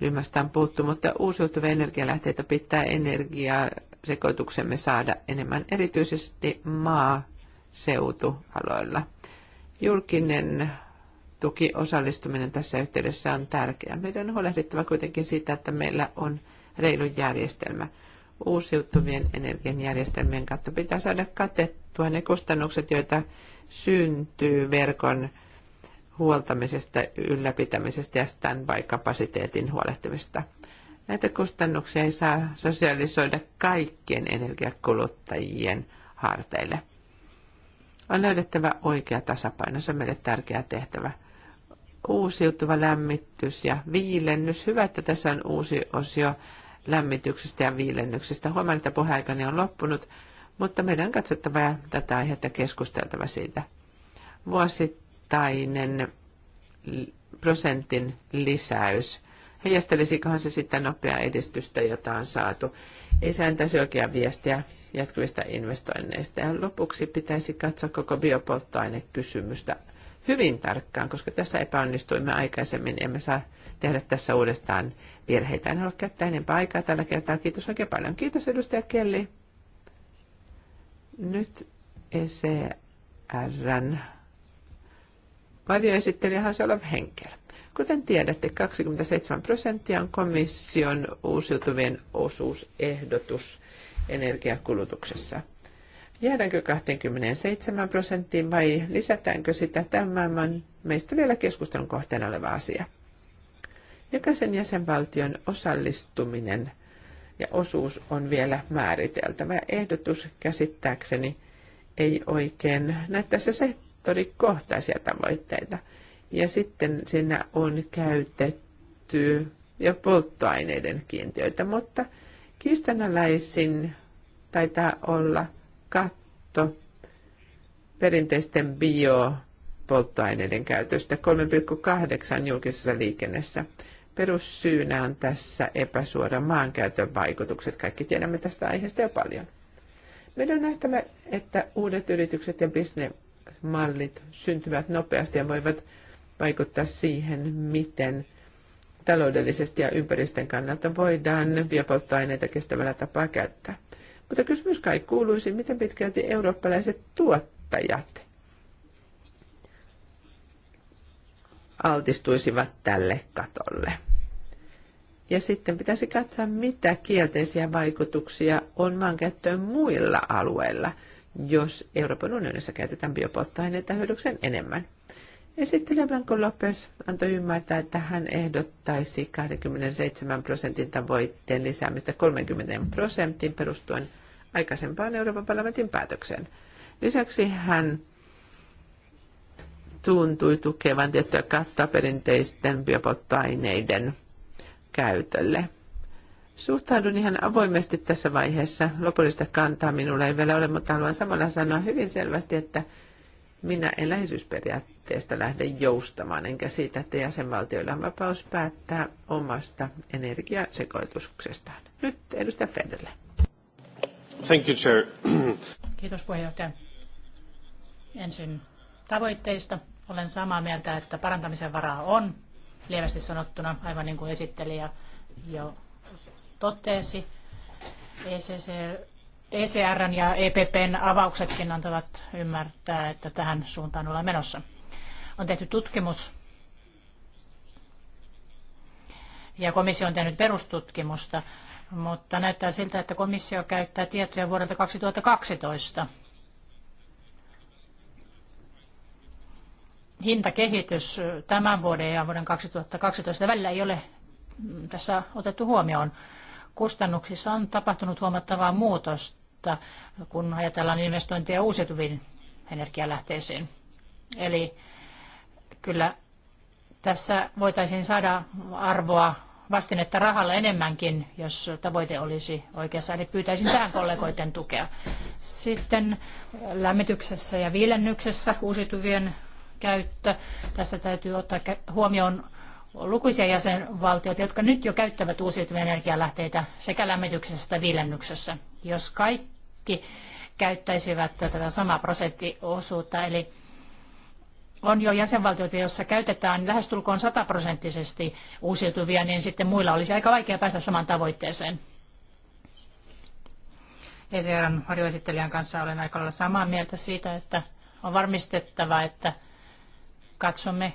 ryhmästä on puhuttu, mutta uusiutuvia energialähteitä pitää energiaa sekoituksemme saada enemmän, erityisesti maaseutualoilla. Julkinen tuki osallistuminen tässä yhteydessä on tärkeää. Meidän on huolehdittava kuitenkin siitä, että meillä on reilu järjestelmä. Uusiutuvien energian järjestelmien kautta pitää saada katettua ne kustannukset, joita syntyy verkon huoltamisesta, ylläpitämisestä ja standby-kapasiteetin huolehtimisesta. Näitä kustannuksia ei saa sosialisoida kaikkien energiakuluttajien harteille. On löydettävä oikea tasapaino, se on meille tärkeä tehtävä. Uusiutuva lämmitys ja viilennys. Hyvä, että tässä on uusi osio lämmityksestä ja viilennyksestä. Huomaan, että puheaikani on loppunut, mutta meidän on katsottava tätä aihetta keskusteltava siitä. Vuosi mittainen prosentin lisäys. Heijastelisikohan se sitten nopeaa edistystä, jota on saatu? Ei se antaisi oikea viestiä jatkuvista investoinneista. Ja lopuksi pitäisi katsoa koko biopolttoainekysymystä hyvin tarkkaan, koska tässä epäonnistuimme aikaisemmin, emme saa tehdä tässä uudestaan virheitä. En halua käyttää enempää aikaa tällä kertaa. Kiitos oikein paljon. Kiitos edustaja Kelli. Nyt ECRn varjoesittelijähän se olevan Henkel. Kuten tiedätte, 27 prosenttia on komission uusiutuvien osuusehdotus energiakulutuksessa. Jäädäänkö 27 prosenttiin vai lisätäänkö sitä tämän on meistä vielä keskustelun kohteena oleva asia? Jokaisen jäsenvaltion osallistuminen ja osuus on vielä määriteltävä. Ehdotus käsittääkseni ei oikein näyttäisi se sektorikohtaisia tavoitteita. Ja sitten siinä on käytetty ja polttoaineiden kiintiöitä, mutta kiistanalaisin taitaa olla katto perinteisten biopolttoaineiden käytöstä 3,8 julkisessa liikennessä. Perussyynä on tässä epäsuora maankäytön vaikutukset. Kaikki tiedämme tästä aiheesta jo paljon. Meidän on nähtävä, että uudet yritykset ja mallit syntyvät nopeasti ja voivat vaikuttaa siihen, miten taloudellisesti ja ympäristön kannalta voidaan biopolttoaineita kestävällä tapaa käyttää. Mutta kysymys kai kuuluisi, miten pitkälti eurooppalaiset tuottajat altistuisivat tälle katolle. Ja sitten pitäisi katsoa, mitä kielteisiä vaikutuksia on maankäyttöön muilla alueilla – jos Euroopan unionissa käytetään biopolttoaineita hyödyksen enemmän. Esittelijä Blanco Lopez antoi ymmärtää, että hän ehdottaisi 27 prosentin tavoitteen lisäämistä 30 prosenttiin perustuen aikaisempaan Euroopan parlamentin päätökseen. Lisäksi hän tuntui tukevan tiettyä kattaa perinteisten biopolttoaineiden käytölle. Suhtaudun ihan avoimesti tässä vaiheessa. Lopullista kantaa minulla ei vielä ole, mutta haluan samalla sanoa hyvin selvästi, että minä en läheisyysperiaatteesta lähde joustamaan, enkä siitä, että jäsenvaltioilla on vapaus päättää omasta energiasekoituksestaan. Nyt edustaja Federle. Thank you, Chair. Kiitos puheenjohtaja. Ensin tavoitteista. Olen samaa mieltä, että parantamisen varaa on, lievästi sanottuna, aivan niin kuin esittelijä jo totesi. ECR e ECRn ja EPPn avauksetkin antavat ymmärtää, että tähän suuntaan ollaan menossa. On tehty tutkimus ja komissio on tehnyt perustutkimusta, mutta näyttää siltä, että komissio käyttää tietoja vuodelta 2012. Hintakehitys tämän vuoden ja vuoden 2012 välillä ei ole tässä otettu huomioon kustannuksissa on tapahtunut huomattavaa muutosta, kun ajatellaan investointeja uusiutuviin energialähteisiin. Eli kyllä tässä voitaisiin saada arvoa vastinetta rahalla enemmänkin, jos tavoite olisi oikeassa. Eli pyytäisin tähän kollegoiden tukea. Sitten lämmityksessä ja viilennyksessä uusiutuvien käyttö. Tässä täytyy ottaa huomioon lukuisia jäsenvaltioita, jotka nyt jo käyttävät uusiutuvia energialähteitä sekä lämmityksessä että viilennyksessä. Jos kaikki käyttäisivät tätä samaa prosenttiosuutta, eli on jo jäsenvaltioita, joissa käytetään lähestulkoon sataprosenttisesti uusiutuvia, niin sitten muilla olisi aika vaikea päästä samaan tavoitteeseen. ECRn varjoesittelijän kanssa olen aika lailla samaa mieltä siitä, että on varmistettava, että katsomme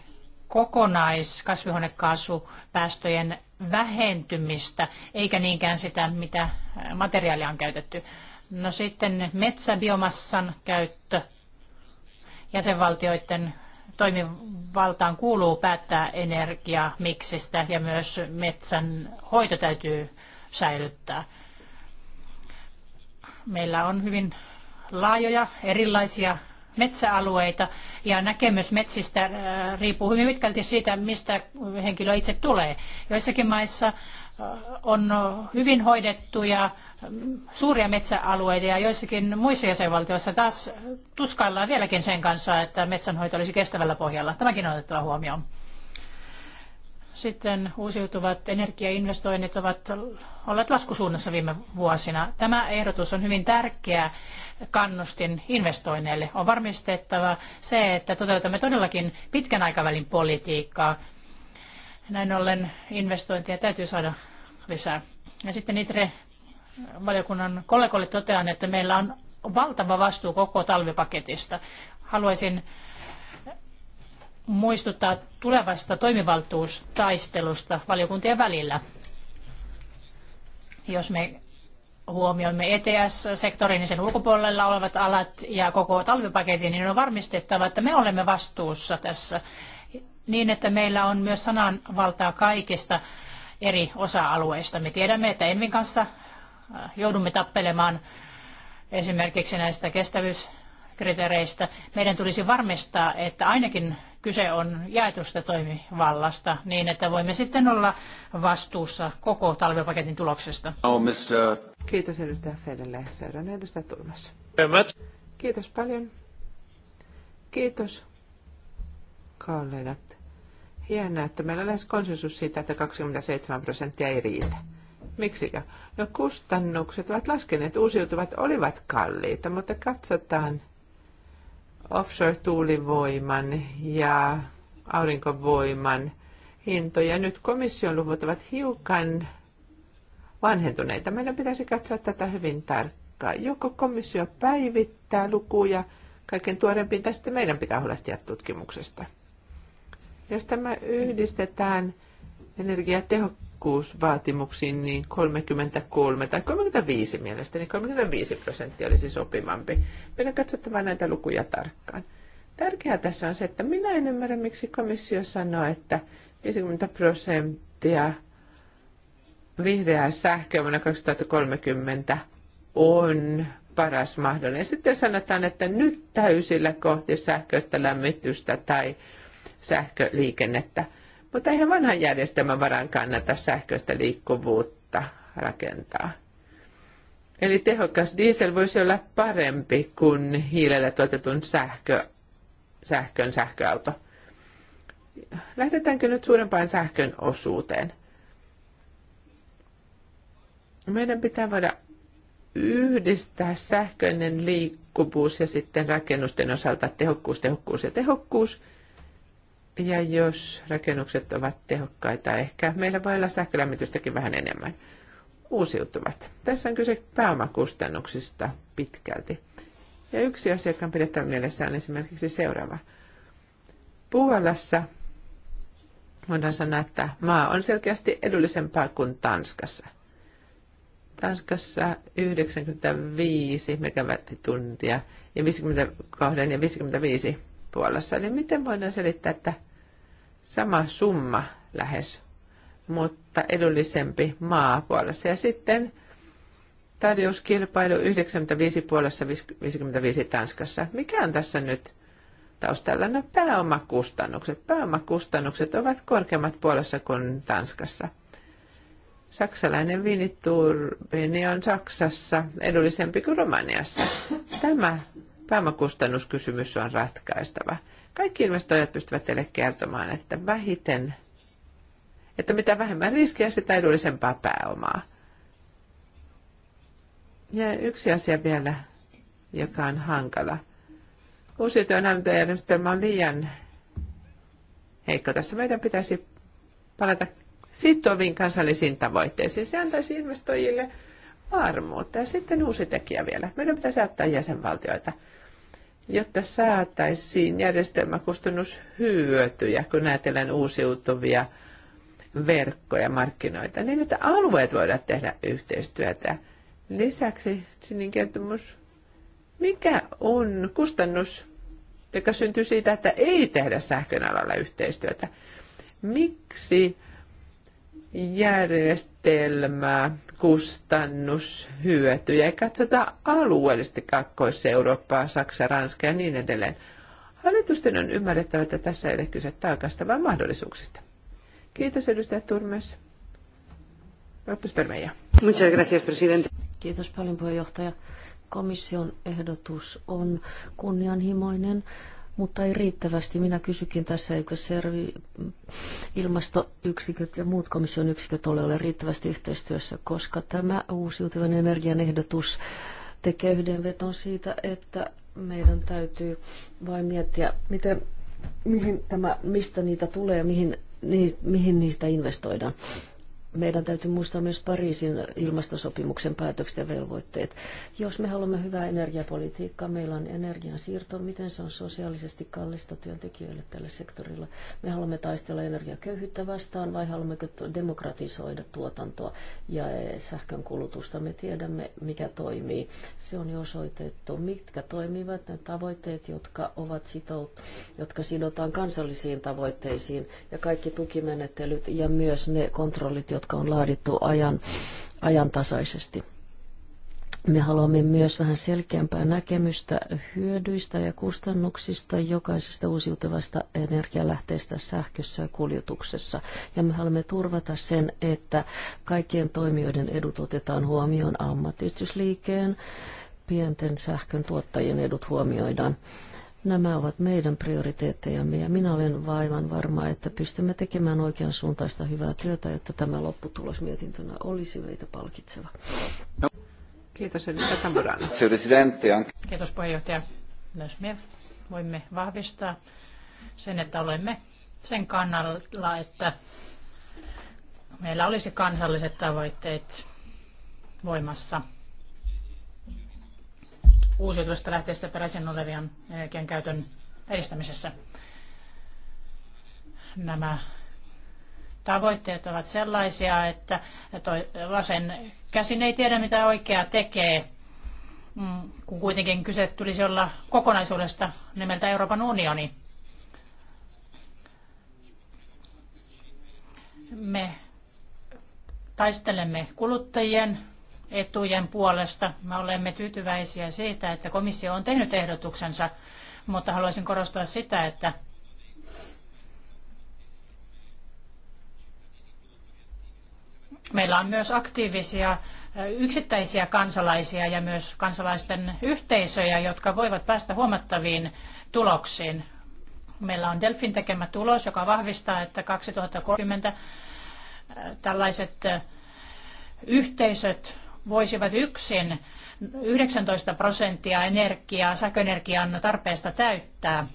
kokonaiskasvihuonekaasupäästöjen vähentymistä, eikä niinkään sitä, mitä äh, materiaalia on käytetty. No sitten metsäbiomassan käyttö. Jäsenvaltioiden toimivaltaan kuuluu päättää energiamiksistä ja myös metsän hoito täytyy säilyttää. Meillä on hyvin laajoja erilaisia metsäalueita ja näkemys metsistä äh, riippuu hyvin pitkälti siitä, mistä henkilö itse tulee. Joissakin maissa äh, on hyvin hoidettuja mm, suuria metsäalueita ja joissakin muissa jäsenvaltioissa taas tuskaillaan vieläkin sen kanssa, että metsänhoito olisi kestävällä pohjalla. Tämäkin on otettava huomioon. Sitten uusiutuvat energiainvestoinnit ovat olleet laskusuunnassa viime vuosina. Tämä ehdotus on hyvin tärkeä kannustin investoinneille. On varmistettava se, että toteutamme todellakin pitkän aikavälin politiikkaa. Näin ollen investointia täytyy saada lisää. Ja sitten ITRE valiokunnan kollegoille totean, että meillä on valtava vastuu koko talvipaketista. Haluaisin muistuttaa tulevasta toimivaltuustaistelusta valiokuntien välillä. Jos me huomioimme ETS-sektorin ja niin sen ulkopuolella olevat alat ja koko talvipaketin, niin on varmistettava, että me olemme vastuussa tässä niin, että meillä on myös sananvaltaa kaikista eri osa-alueista. Me tiedämme, että Envin kanssa äh, joudumme tappelemaan esimerkiksi näistä kestävyyskriteereistä. Meidän tulisi varmistaa, että ainakin kyse on jaetusta toimivallasta niin, että voimme sitten olla vastuussa koko talvipaketin tuloksesta. Oh, Mr. Kiitos edustaja Fedelle. Seuraan edustaja Turmas. Kiitos paljon. Kiitos kollegat. Hienoa, että meillä on lähes konsensus siitä, että 27 prosenttia ei riitä. Miksikö? No kustannukset ovat laskeneet, uusiutuvat olivat kalliita, mutta katsotaan offshore-tuulivoiman ja aurinkovoiman hintoja. Nyt komission luvut ovat hiukan vanhentuneita. Meidän pitäisi katsoa tätä hyvin tarkkaan. Joko komissio päivittää lukuja kaiken tuorempiin, tai sitten meidän pitää huolehtia tutkimuksesta. Jos tämä yhdistetään energiatehokkuuteen, tehokkuusvaatimuksiin, niin 33 tai 35 mielestäni, 35 niin prosenttia olisi sopivampi. Meidän katsottava näitä lukuja tarkkaan. Tärkeää tässä on se, että minä en ymmärrä, miksi komissio sanoo, että 50 prosenttia vihreää sähköä vuonna 2030 on paras mahdollinen. Sitten sanotaan, että nyt täysillä kohti sähköistä lämmitystä tai sähköliikennettä – mutta eihän vanhan järjestelmän varan kannata sähköistä liikkuvuutta rakentaa. Eli tehokas diesel voisi olla parempi kuin hiilellä tuotetun sähkö, sähkön sähköauto. Lähdetäänkö nyt suurempaan sähkön osuuteen? Meidän pitää voida yhdistää sähköinen liikkuvuus ja sitten rakennusten osalta tehokkuus, tehokkuus ja tehokkuus – ja jos rakennukset ovat tehokkaita, ehkä meillä voi olla sähkölämmitystäkin vähän enemmän. Uusiutuvat. Tässä on kyse pääomakustannuksista pitkälti. Ja yksi asia, joka on pidettävä mielessä, on esimerkiksi seuraava. Puolassa voidaan sanoa, että maa on selkeästi edullisempaa kuin Tanskassa. Tanskassa 95 megawattituntia ja 52 ja 55 Puolassa. niin miten voidaan selittää, että sama summa lähes, mutta edullisempi maa Puolassa. Ja sitten tarjouskilpailu 95 Puolassa, 55 Tanskassa. Mikä on tässä nyt taustalla? No pääomakustannukset. Pääomakustannukset ovat korkeammat Puolassa kuin Tanskassa. Saksalainen viiniturbiini on Saksassa edullisempi kuin Romaniassa. Tämä pääomakustannuskysymys on ratkaistava. Kaikki investoijat pystyvät teille kertomaan, että vähiten, että mitä vähemmän riskiä, sitä edullisempaa pääomaa. Ja yksi asia vielä, joka on hankala. Uusiutuvan hallintajärjestelmä on liian heikko. Tässä meidän pitäisi palata sitoviin kansallisiin tavoitteisiin. Se antaisi investoijille varmuutta. Ja sitten uusi tekijä vielä. Meidän pitäisi ajattaa jäsenvaltioita, jotta saataisiin järjestelmäkustannushyötyjä, kun ajatellaan uusiutuvia verkkoja, markkinoita, niin että alueet voidaan tehdä yhteistyötä. Lisäksi Sinin kertomus, mikä on kustannus, joka syntyy siitä, että ei tehdä sähkön alalla yhteistyötä? Miksi järjestelmää, kustannushyötyjä. Ei katsotaan alueellisesti Kakkois-Eurooppaa, Saksa, Ranska ja niin edelleen. Hallitusten on ymmärrettävä, että tässä ei ole kyse taakasta, vaan mahdollisuuksista. Kiitos edustaja Turmes. Loppus Muchas gracias, presidente. Kiitos paljon puheenjohtaja. Komission ehdotus on kunnianhimoinen mutta ei riittävästi. Minä kysykin tässä, eikö servi, ilmastoyksiköt ja muut komission yksiköt ole, ole riittävästi yhteistyössä, koska tämä uusiutuvan energian ehdotus tekee yhdenveton siitä, että meidän täytyy vain miettiä, miten, mihin tämä, mistä niitä tulee ja mihin, mihin niistä investoidaan meidän täytyy muistaa myös Pariisin ilmastosopimuksen päätökset ja velvoitteet. Jos me haluamme hyvää energiapolitiikkaa, meillä on energian siirto, miten se on sosiaalisesti kallista työntekijöille tällä sektorilla. Me haluamme taistella energiaköyhyyttä vastaan vai haluammeko demokratisoida tuotantoa ja e, sähkön kulutusta. Me tiedämme, mikä toimii. Se on jo osoitettu, mitkä toimivat ne tavoitteet, jotka ovat sitout, jotka sidotaan kansallisiin tavoitteisiin ja kaikki tukimenettelyt ja myös ne kontrollit, jotka jotka on laadittu ajan, ajantasaisesti. Me haluamme myös vähän selkeämpää näkemystä hyödyistä ja kustannuksista jokaisesta uusiutuvasta energialähteestä sähkössä ja kuljetuksessa. Ja me haluamme turvata sen, että kaikkien toimijoiden edut otetaan huomioon ammattiyhdistysliikkeen, pienten sähkön tuottajien edut huomioidaan. Nämä ovat meidän prioriteettejamme ja minä olen vaivan varma, että pystymme tekemään oikean suuntaista hyvää työtä, jotta tämä lopputulos mietintönä olisi meitä palkitseva. Kiitos edustaja Kiitos puheenjohtaja. Myös me voimme vahvistaa sen, että olemme sen kannalla, että meillä olisi kansalliset tavoitteet voimassa – uusiutuvista lähteistä peräisin olevien energian käytön edistämisessä. Nämä tavoitteet ovat sellaisia, että vasen käsin ei tiedä mitä oikea tekee, mm, kun kuitenkin kyse tulisi olla kokonaisuudesta nimeltä Euroopan unioni. Me taistelemme kuluttajien etujen puolesta. Me olemme tyytyväisiä siitä, että komissio on tehnyt ehdotuksensa, mutta haluaisin korostaa sitä, että meillä on myös aktiivisia yksittäisiä kansalaisia ja myös kansalaisten yhteisöjä, jotka voivat päästä huomattaviin tuloksiin. Meillä on Delfin tekemä tulos, joka vahvistaa, että 2030 tällaiset yhteisöt voisivat yksin 19 prosenttia energiaa, sähköenergian tarpeesta täyttää.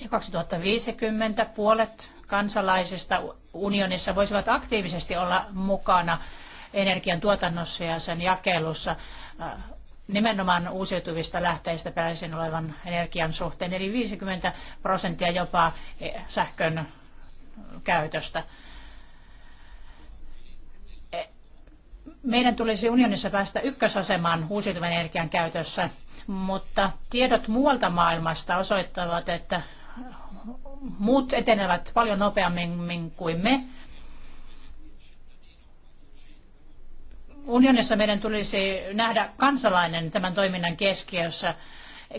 Ja 2050 puolet kansalaisista unionissa voisivat aktiivisesti olla mukana energian tuotannossa ja sen jakelussa äh, nimenomaan uusiutuvista lähteistä peräisin olevan energian suhteen, eli 50 prosenttia jopa eh, sähkön käytöstä. Meidän tulisi unionissa päästä ykkösasemaan uusiutuvan energian käytössä, mutta tiedot muualta maailmasta osoittavat, että muut etenevät paljon nopeammin kuin me. Unionissa meidän tulisi nähdä kansalainen tämän toiminnan keskiössä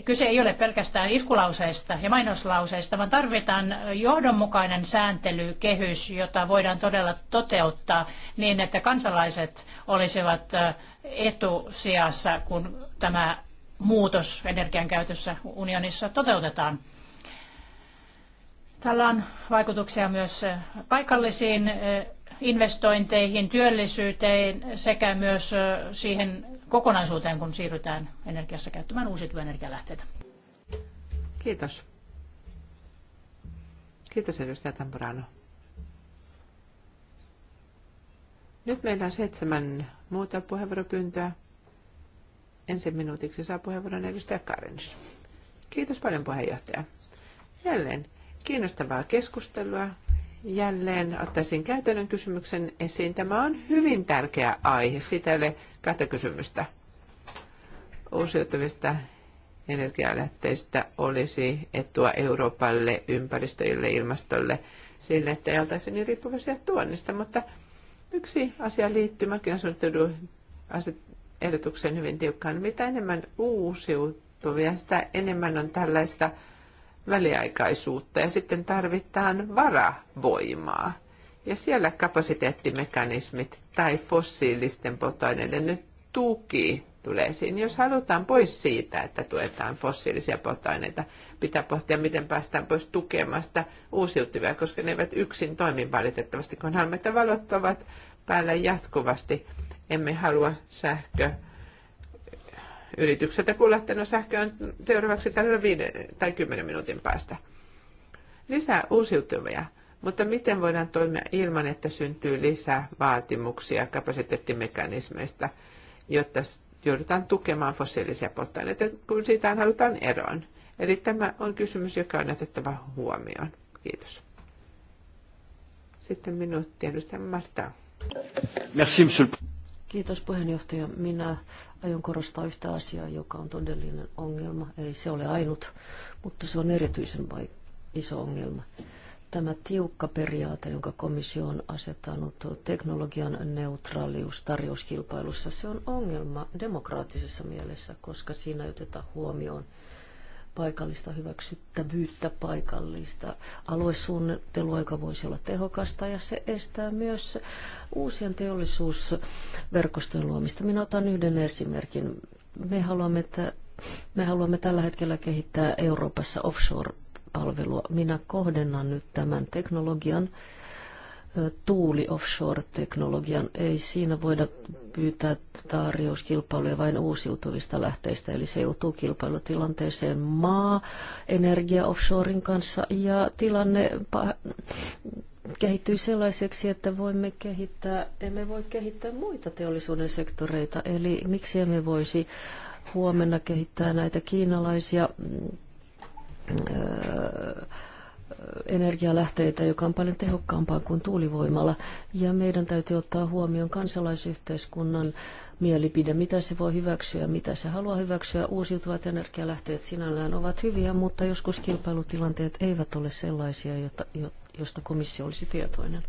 Kyse ei ole pelkästään iskulauseista ja mainoslauseista, vaan tarvitaan johdonmukainen sääntelykehys, jota voidaan todella toteuttaa niin, että kansalaiset olisivat etusijassa, kun tämä muutos energian käytössä unionissa toteutetaan. Tällä on vaikutuksia myös paikallisiin investointeihin, työllisyyteen sekä myös siihen kokonaisuuteen, kun siirrytään energiassa käyttämään uusiutuvia energialähteitä. Kiitos. Kiitos edustaja Tamburano. Nyt meillä on seitsemän muuta puheenvuoropyyntöä. Ensin minuutiksi saa puheenvuoron edustaja Karens. Kiitos paljon puheenjohtaja. Jälleen kiinnostavaa keskustelua, Jälleen ottaisin käytännön kysymyksen esiin. Tämä on hyvin tärkeä aihe. Siitä ei ole kahta kysymystä. Uusiutuvista energialähteistä olisi etua Euroopalle, ympäristöille, ilmastolle, sille, että ei oltaisi niin riippuvaisia tuonnista. Mutta yksi asia liittyy markkinasuunnittelun ehdotukseen hyvin tiukkaan. Mitä enemmän uusiutuvia, sitä enemmän on tällaista – väliaikaisuutta ja sitten tarvitaan varavoimaa. Ja siellä kapasiteettimekanismit tai fossiilisten polttoaineiden nyt tuki tulee esiin. Jos halutaan pois siitä, että tuetaan fossiilisia polttoaineita, pitää pohtia, miten päästään pois tukemasta uusiutuvia, koska ne eivät yksin toimi valitettavasti, kun halmeita valot ovat päällä jatkuvasti. Emme halua sähköä yritykseltä kun on lähtenyt sähköön seuraavaksi 5 tai 10 minuutin päästä. Lisää uusiutuvia, mutta miten voidaan toimia ilman, että syntyy lisää vaatimuksia kapasiteettimekanismeista, jotta joudutaan tukemaan fossiilisia polttoaineita, kun siitä halutaan eroon. Eli tämä on kysymys, joka on otettava huomioon. Kiitos. Sitten minuutti edustaja Marta. Merci, monsieur. Kiitos puheenjohtaja. Minä aion korostaa yhtä asiaa, joka on todellinen ongelma. Ei se ole ainut, mutta se on erityisen vai iso ongelma. Tämä tiukka periaate, jonka komissio on asettanut teknologian neutraalius tarjouskilpailussa, se on ongelma demokraattisessa mielessä, koska siinä ei oteta huomioon – paikallista hyväksyttävyyttä, paikallista aluesuunnittelua, joka voisi olla tehokasta ja se estää myös uusien teollisuusverkostojen luomista. Minä otan yhden esimerkin. Me haluamme, että me haluamme tällä hetkellä kehittää Euroopassa offshore-palvelua. Minä kohdennan nyt tämän teknologian tuuli offshore-teknologian. Ei siinä voida pyytää tarjouskilpailuja vain uusiutuvista lähteistä, eli se joutuu kilpailutilanteeseen maa, energia offshorein kanssa ja tilanne kehittyy sellaiseksi, että voimme kehittää, emme voi kehittää muita teollisuuden sektoreita, eli miksi emme voisi huomenna kehittää näitä kiinalaisia öö, energialähteitä, joka on paljon tehokkaampaa kuin tuulivoimalla. Ja meidän täytyy ottaa huomioon kansalaisyhteiskunnan mielipide, mitä se voi hyväksyä, mitä se haluaa hyväksyä. Uusiutuvat energialähteet sinällään ovat hyviä, mutta joskus kilpailutilanteet eivät ole sellaisia, jota, josta komissio olisi tietoinen.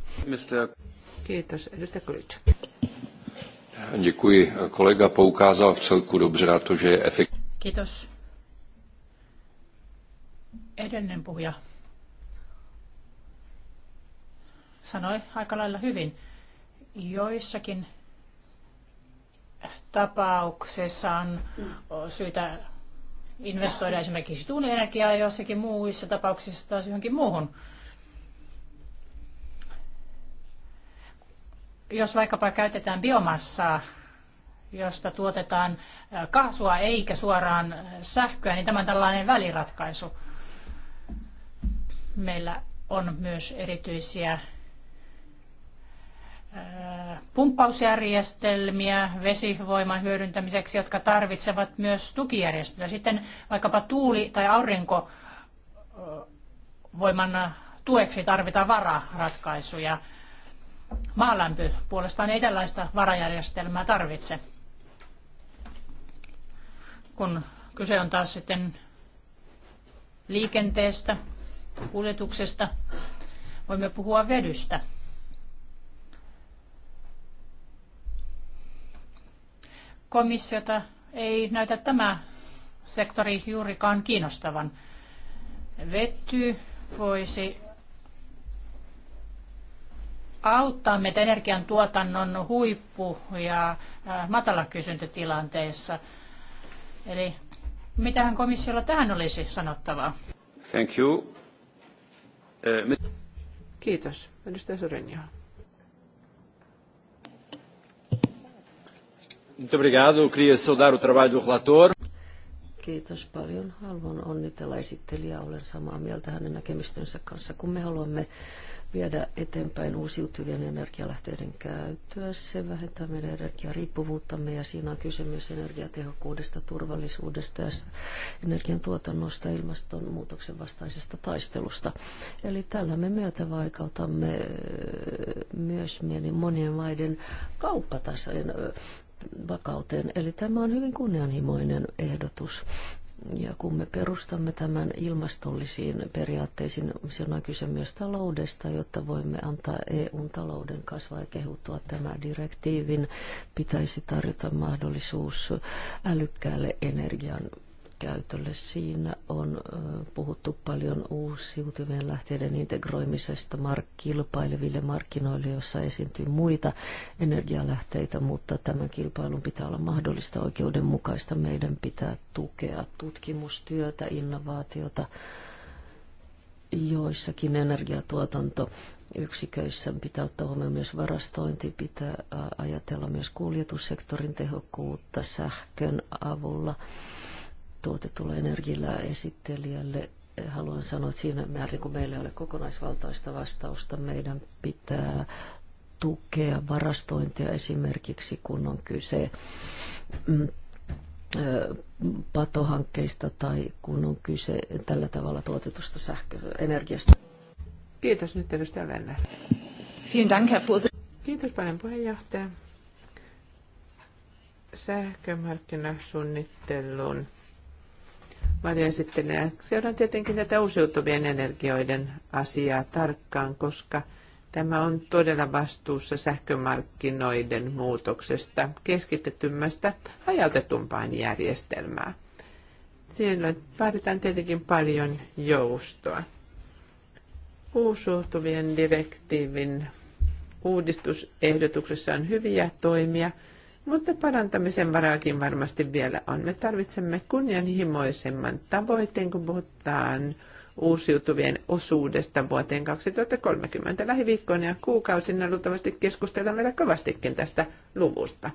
Kiitos. Edustaja Kulic. Děkuji. Kolega poukázal v celku dobře na to, že je efekt... Kiitos. Edellinen puhuja sanoi aika lailla hyvin. Joissakin tapauksessa on syytä investoida esimerkiksi tuulienergiaa ja jossakin muissa tapauksissa taas johonkin muuhun. Jos vaikkapa käytetään biomassaa, josta tuotetaan äh, kaasua eikä suoraan sähköä, niin tämä on tällainen väliratkaisu. Meillä on myös erityisiä Äh, pumppausjärjestelmiä vesivoiman hyödyntämiseksi, jotka tarvitsevat myös tukijärjestelmiä. Sitten vaikkapa tuuli- tai aurinkovoiman äh, äh, tueksi tarvitaan vararatkaisuja. Maalämpö puolestaan ei tällaista varajärjestelmää tarvitse. Kun kyse on taas sitten liikenteestä, kuljetuksesta, voimme puhua vedystä. komissiota ei näytä tämä sektori juurikaan kiinnostavan. Vety voisi auttaa meitä energiantuotannon huippu- ja matalakysyntätilanteessa. Eli mitähän komissiolla tähän olisi sanottavaa? Thank you. Kiitos. Edustaja Sorenjaa. Muito obrigado. Eu queria saudar o trabalho do relator. Kiitos paljon. Haluan onnitella esittelijää. Olen samaa mieltä hänen näkemystönsä kanssa, kun me haluamme viedä eteenpäin uusiutuvien energialähteiden käyttöä. Se vähentää meidän energiariippuvuuttamme ja siinä on kysymys energiatehokkuudesta, turvallisuudesta ja energiantuotannosta ja ilmastonmuutoksen vastaisesta taistelusta. Eli tällä me vaikautamme myös monien maiden kauppatasojen vakauteen. Eli tämä on hyvin kunnianhimoinen ehdotus. Ja kun me perustamme tämän ilmastollisiin periaatteisiin, siinä on kyse myös taloudesta, jotta voimme antaa EUn talouden kasvaa ja kehuttua tämä direktiivin, pitäisi tarjota mahdollisuus älykkäälle energian käytölle. Siinä on puhuttu paljon uusiutuvien lähteiden integroimisesta mark- kilpaileville markkinoille, joissa esiintyy muita energialähteitä, mutta tämän kilpailun pitää olla mahdollista oikeudenmukaista. Meidän pitää tukea tutkimustyötä, innovaatiota joissakin energiatuotanto yksiköissä pitää ottaa huomioon myös varastointi, pitää ajatella myös kuljetussektorin tehokkuutta sähkön avulla tuotetulle energialla esittelijälle. Haluan sanoa, että siinä määrin kun meillä ei ole kokonaisvaltaista vastausta, meidän pitää tukea varastointia esimerkiksi, kun on kyse mm, patohankkeista tai kun on kyse tällä tavalla tuotetusta sähköenergiasta. Kiitos nyt edustaja Werner. Kiitos paljon puheenjohtaja. Sähkömarkkinasuunnittelun varjoesittelijä. Seuraan tietenkin tätä uusiutuvien energioiden asiaa tarkkaan, koska tämä on todella vastuussa sähkömarkkinoiden muutoksesta keskitetymmästä hajautetumpaan järjestelmään. Silloin vaaditaan tietenkin paljon joustoa. Uusiutuvien direktiivin uudistusehdotuksessa on hyviä toimia – mutta parantamisen varaakin varmasti vielä on. Me tarvitsemme kunnianhimoisemman tavoitteen, kun puhutaan uusiutuvien osuudesta vuoteen 2030. Lähiviikkoina ja kuukausina luultavasti keskustellaan vielä kovastikin tästä luvusta.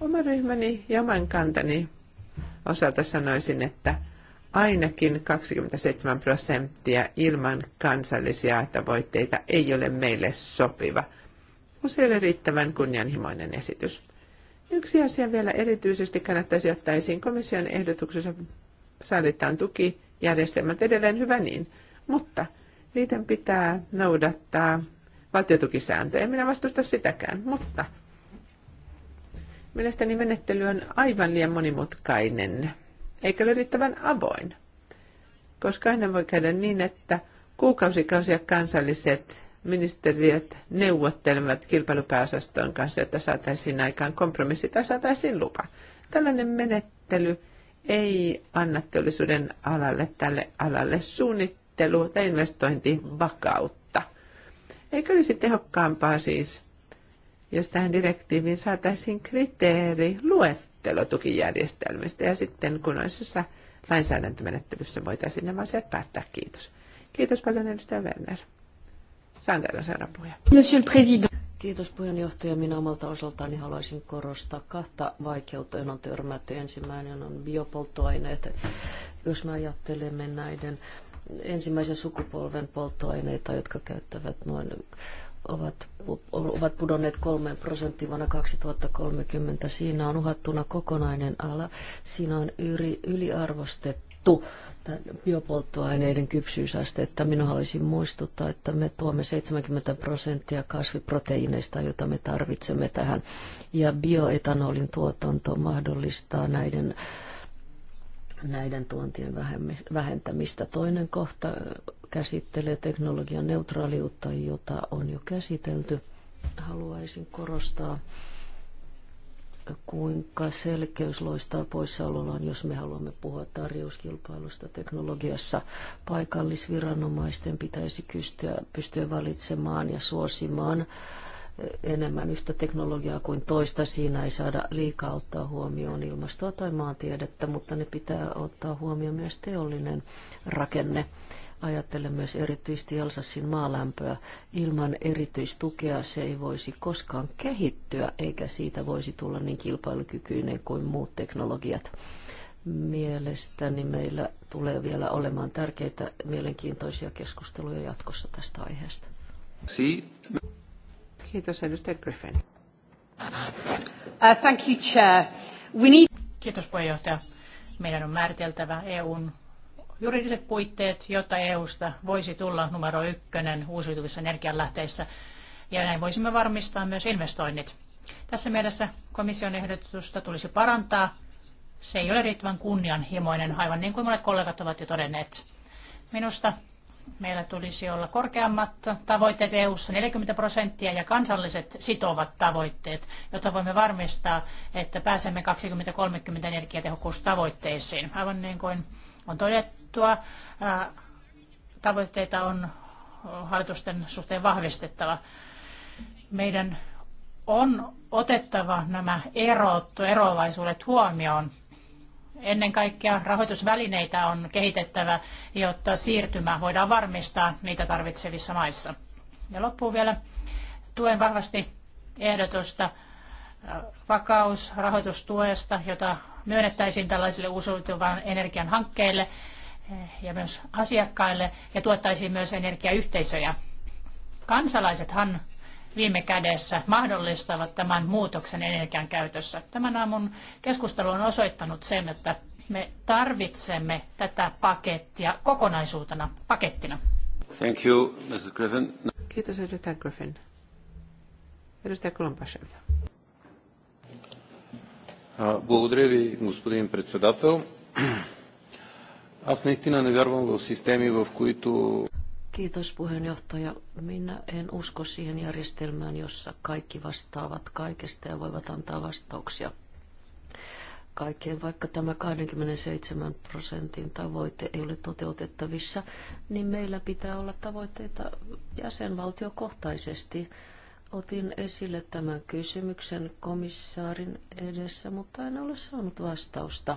Oma ryhmäni ja oman kantani osalta sanoisin, että ainakin 27 prosenttia ilman kansallisia tavoitteita ei ole meille sopiva. Useille riittävän kunnianhimoinen esitys. Yksi asia vielä erityisesti kannattaisi ottaa esiin. Komission ehdotuksessa sallitaan tukijärjestelmät edelleen hyvä niin, mutta niiden pitää noudattaa valtiotukisääntöjä. Minä vastusta sitäkään, mutta mielestäni menettely on aivan liian monimutkainen, eikä ole riittävän avoin, koska aina voi käydä niin, että kuukausikausia kansalliset ministeriöt neuvottelevat kilpailupääosaston kanssa, että saataisiin aikaan kompromissi tai saataisiin lupa. Tällainen menettely ei anna teollisuuden alalle tälle alalle suunnittelu- tai investointivakautta. Eikö olisi tehokkaampaa siis, jos tähän direktiiviin saataisiin kriteeri luettelo tukijärjestelmistä ja sitten kunnoisessa lainsäädäntömenettelyssä voitaisiin nämä asiat päättää. Kiitos. Kiitos paljon edustaja Werner. Sandra, seuraava Monsieur le Président. Kiitos puheenjohtaja. Minä omalta osaltani haluaisin korostaa kahta vaikeutta, joihin on törmätty. Ensimmäinen on biopolttoaineet. Jos me ajattelemme näiden ensimmäisen sukupolven polttoaineita, jotka käyttävät noin ovat, ovat pudonneet 3 prosenttia vuonna 2030. Siinä on uhattuna kokonainen ala. Siinä on yli, yliarvostettu biopolttoaineiden kypsyysastetta. Minä haluaisin muistuttaa, että me tuomme 70 prosenttia kasviproteiineista, joita me tarvitsemme tähän. Ja bioetanolin tuotanto mahdollistaa näiden, näiden tuontien vähentämistä. Toinen kohta käsittelee teknologian neutraaliutta, jota on jo käsitelty. Haluaisin korostaa kuinka selkeys loistaa poissaolollaan, jos me haluamme puhua tarjouskilpailusta teknologiassa. Paikallisviranomaisten pitäisi kystyä, pystyä valitsemaan ja suosimaan enemmän yhtä teknologiaa kuin toista. Siinä ei saada liikaa ottaa huomioon ilmastoa tai maantiedettä, mutta ne pitää ottaa huomioon myös teollinen rakenne. Ajattelen myös erityisesti Alsassin maalämpöä. Ilman erityistukea se ei voisi koskaan kehittyä, eikä siitä voisi tulla niin kilpailukykyinen kuin muut teknologiat. Mielestäni meillä tulee vielä olemaan tärkeitä mielenkiintoisia keskusteluja jatkossa tästä aiheesta. Kiitos edustaja Griffin. Uh, thank you, Chair. We need... Kiitos puheenjohtaja. Meidän on määriteltävä EUn juridiset puitteet, jotta EUsta voisi tulla numero ykkönen uusiutuvissa energianlähteissä. Ja näin voisimme varmistaa myös investoinnit. Tässä mielessä komission ehdotusta tulisi parantaa. Se ei ole riittävän kunnianhimoinen, aivan niin kuin monet kollegat ovat jo todenneet. Minusta meillä tulisi olla korkeammat tavoitteet EU-ssa 40 prosenttia ja kansalliset sitovat tavoitteet, jotta voimme varmistaa, että pääsemme 2030 energiatehokkuustavoitteisiin. Aivan niin kuin on todettu, muuttua. Tavoitteita on hallitusten suhteen vahvistettava. Meidän on otettava nämä erot, eroavaisuudet huomioon. Ennen kaikkea rahoitusvälineitä on kehitettävä, jotta siirtymä voidaan varmistaa niitä tarvitsevissa maissa. Ja loppuun vielä tuen vahvasti ehdotusta vakausrahoitustuesta, jota myönnettäisiin tällaisille uusiutuvan energian hankkeille. Eh, ja myös asiakkaille ja tuottaisiin myös energiayhteisöjä. Kansalaisethan viime kädessä mahdollistavat tämän muutoksen energian käytössä. Tämän aamun keskustelu on osoittanut sen, että me tarvitsemme tätä pakettia kokonaisuutena pakettina. Thank you, Mrs. Griffin. Kiitos, edustaja Griffin. Edustaja Klumpashev. Благодаря ви, господин председател. Аз наистина не вярвам в системи, в които... Kiitos puheenjohtaja. Minä en usko siihen järjestelmään, jossa kaikki vastaavat kaikesta ja voivat antaa vastauksia kaikkeen, vaikka tämä 27 prosentin tavoite ei ole toteutettavissa, niin meillä pitää olla tavoitteita jäsenvaltiokohtaisesti. Otin esille tämän kysymyksen komissaarin edessä, mutta en ole saanut vastausta.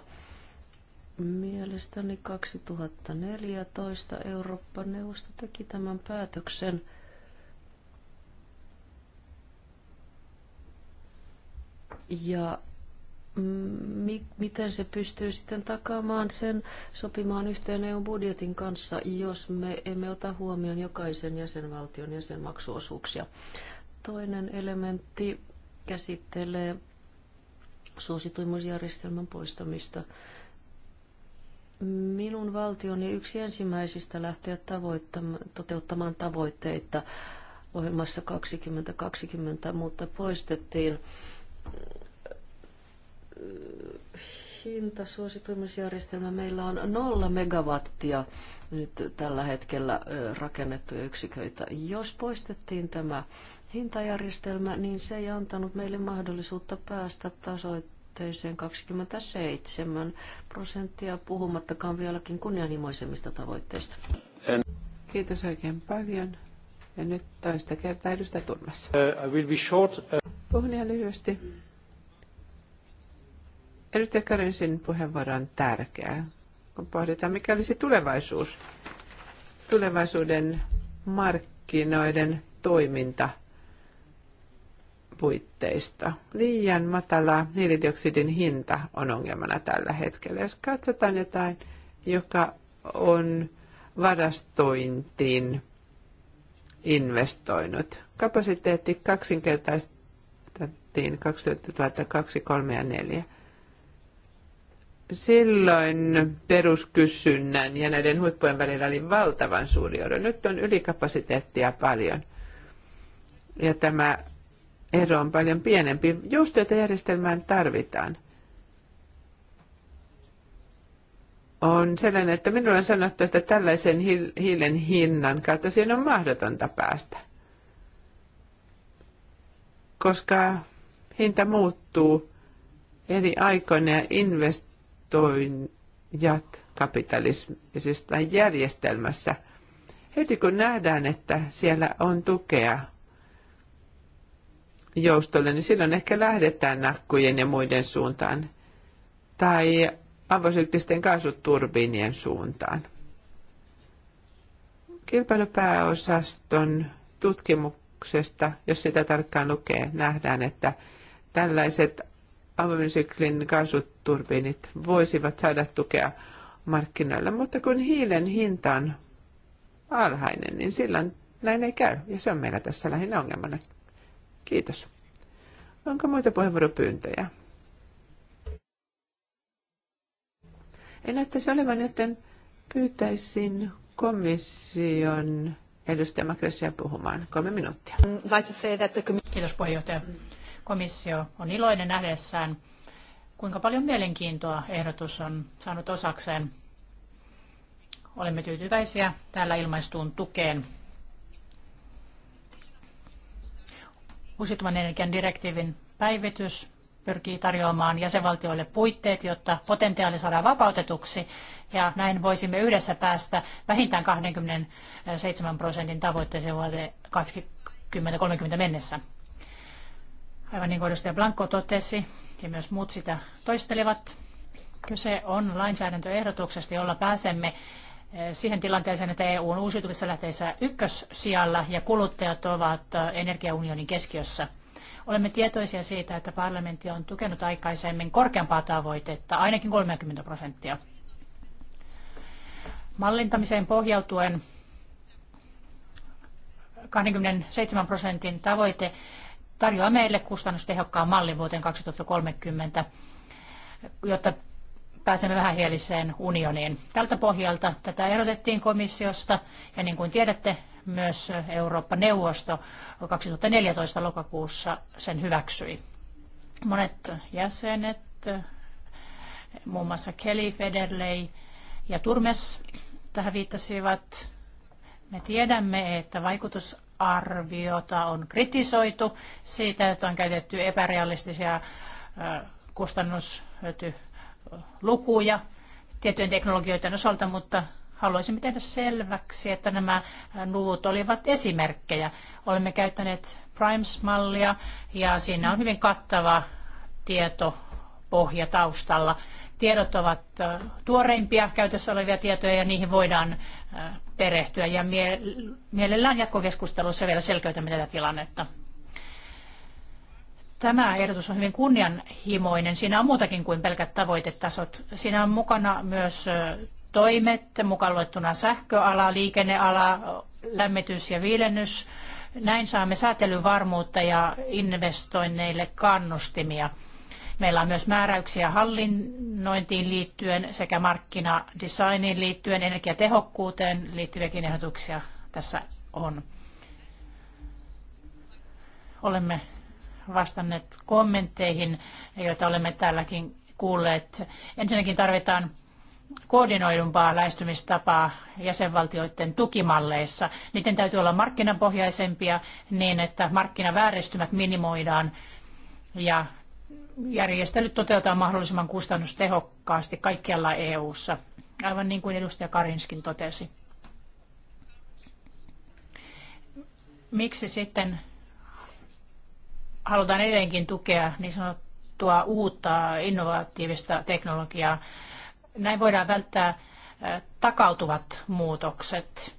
Mielestäni 2014 Eurooppa-neuvosto teki tämän päätöksen. Ja mi- miten se pystyy sitten takaamaan sen sopimaan yhteen EUn budjetin kanssa, jos me emme ota huomioon jokaisen jäsenvaltion jäsenmaksuosuuksia. Toinen elementti käsittelee suosituimmuusjärjestelmän poistamista. Minun valtioni yksi ensimmäisistä lähteä toteuttamaan tavoitteita ohjelmassa 2020, mutta poistettiin äh, suosituimisjärjestelmä. Meillä on nolla megawattia nyt tällä hetkellä äh, rakennettuja yksiköitä. Jos poistettiin tämä hintajärjestelmä, niin se ei antanut meille mahdollisuutta päästä tasoittamaan tavoitteeseen 27 prosenttia, puhumattakaan vieläkin kunnianhimoisemmista tavoitteista. En. Kiitos oikein paljon. Ja nyt toista kertaa edustaja Turmas. Uh, I will be short. Uh... Puhun ihan lyhyesti. Edustaja Karinsin puheenvuoro on tärkeä, kun pohditaan, mikä olisi tulevaisuus. Tulevaisuuden markkinoiden toiminta – puitteista. Liian matala hiilidioksidin hinta on ongelmana tällä hetkellä. Jos katsotaan jotain, joka on varastointiin investoinut. Kapasiteetti kaksinkertaistettiin 2023-2024. Silloin peruskysynnän ja näiden huippujen välillä oli valtavan suuri odon. Nyt on ylikapasiteettia paljon. Ja tämä ero on paljon pienempi. Joustoita järjestelmään tarvitaan. On sellainen, että minulle on sanottu, että tällaisen hiilen hinnan kautta siinä on mahdotonta päästä. Koska hinta muuttuu eri aikoina ja investoijat kapitalismisesta järjestelmässä. Heti kun nähdään, että siellä on tukea – joustolle, niin silloin ehkä lähdetään nakkujen ja muiden suuntaan tai avosyklisten kaasuturbiinien suuntaan. Kilpailupääosaston tutkimuksesta, jos sitä tarkkaan lukee, nähdään, että tällaiset avosyklin kaasuturbiinit voisivat saada tukea markkinoilla, mutta kun hiilen hinta on alhainen, niin silloin näin ei käy. Ja se on meillä tässä lähinnä ongelmana Kiitos. Onko muita puheenvuoropyyntöjä? Ei näyttäisi olevan, joten pyytäisin komission edustaja Makrasia puhumaan. Kolme minuuttia. Kiitos puheenjohtaja. Komissio on iloinen nähdessään, kuinka paljon mielenkiintoa ehdotus on saanut osakseen. Olemme tyytyväisiä täällä ilmaistuun tukeen Uusiutuvan energian direktiivin päivitys pyrkii tarjoamaan jäsenvaltioille puitteet, jotta potentiaali saadaan vapautetuksi ja näin voisimme yhdessä päästä vähintään 27 prosentin tavoitteeseen vuoteen 2030 mennessä. Aivan niin kuin edustaja Blanco totesi ja myös muut sitä toistelivat. kyse on lainsäädäntöehdotuksesta, jolla pääsemme Eh, siihen tilanteeseen, että EU on uusiutuvissa lähteissä ykkössijalla ja kuluttajat ovat eh, energiaunionin keskiössä. Olemme tietoisia siitä, että parlamentti on tukenut aikaisemmin korkeampaa tavoitetta, ainakin 30 prosenttia. Mallintamiseen pohjautuen 27 prosentin tavoite tarjoaa meille kustannustehokkaan mallin vuoteen 2030, jotta pääsemme vähähieliseen unioniin. Tältä pohjalta tätä erotettiin komissiosta ja niin kuin tiedätte, myös Eurooppa-neuvosto 2014 lokakuussa sen hyväksyi. Monet jäsenet, muun muassa Kelly, Federley ja Turmes tähän viittasivat. Me tiedämme, että vaikutusarviota on kritisoitu siitä, että on käytetty epärealistisia kustannushyöty lukuja tiettyjen teknologioiden osalta, mutta haluaisimme tehdä selväksi, että nämä luvut olivat esimerkkejä. Olemme käyttäneet Primes-mallia ja siinä on hyvin kattava tietopohja taustalla. Tiedot ovat äh, tuoreimpia käytössä olevia tietoja ja niihin voidaan äh, perehtyä ja mielellään jatkokeskustelussa vielä selkeytämme tätä tilannetta. Tämä ehdotus on hyvin kunnianhimoinen. Siinä on muutakin kuin pelkät tavoitetasot. Siinä on mukana myös toimet, mukaan luettuna sähköala, liikenneala, lämmitys ja viilennys. Näin saamme säätelyvarmuutta ja investoinneille kannustimia. Meillä on myös määräyksiä hallinnointiin liittyen sekä markkinadesigniin liittyen, energiatehokkuuteen liittyviäkin ehdotuksia tässä on. Olemme vastanneet kommentteihin, joita olemme täälläkin kuulleet. Ensinnäkin tarvitaan koordinoidumpaa lähestymistapaa jäsenvaltioiden tukimalleissa. Niiden täytyy olla markkinapohjaisempia niin, että markkinavääristymät minimoidaan ja järjestelyt toteutetaan mahdollisimman kustannustehokkaasti kaikkialla EU-ssa, aivan niin kuin edustaja Karinskin totesi. Miksi sitten halutaan edelleenkin tukea niin sanottua uutta innovatiivista teknologiaa. Näin voidaan välttää takautuvat muutokset.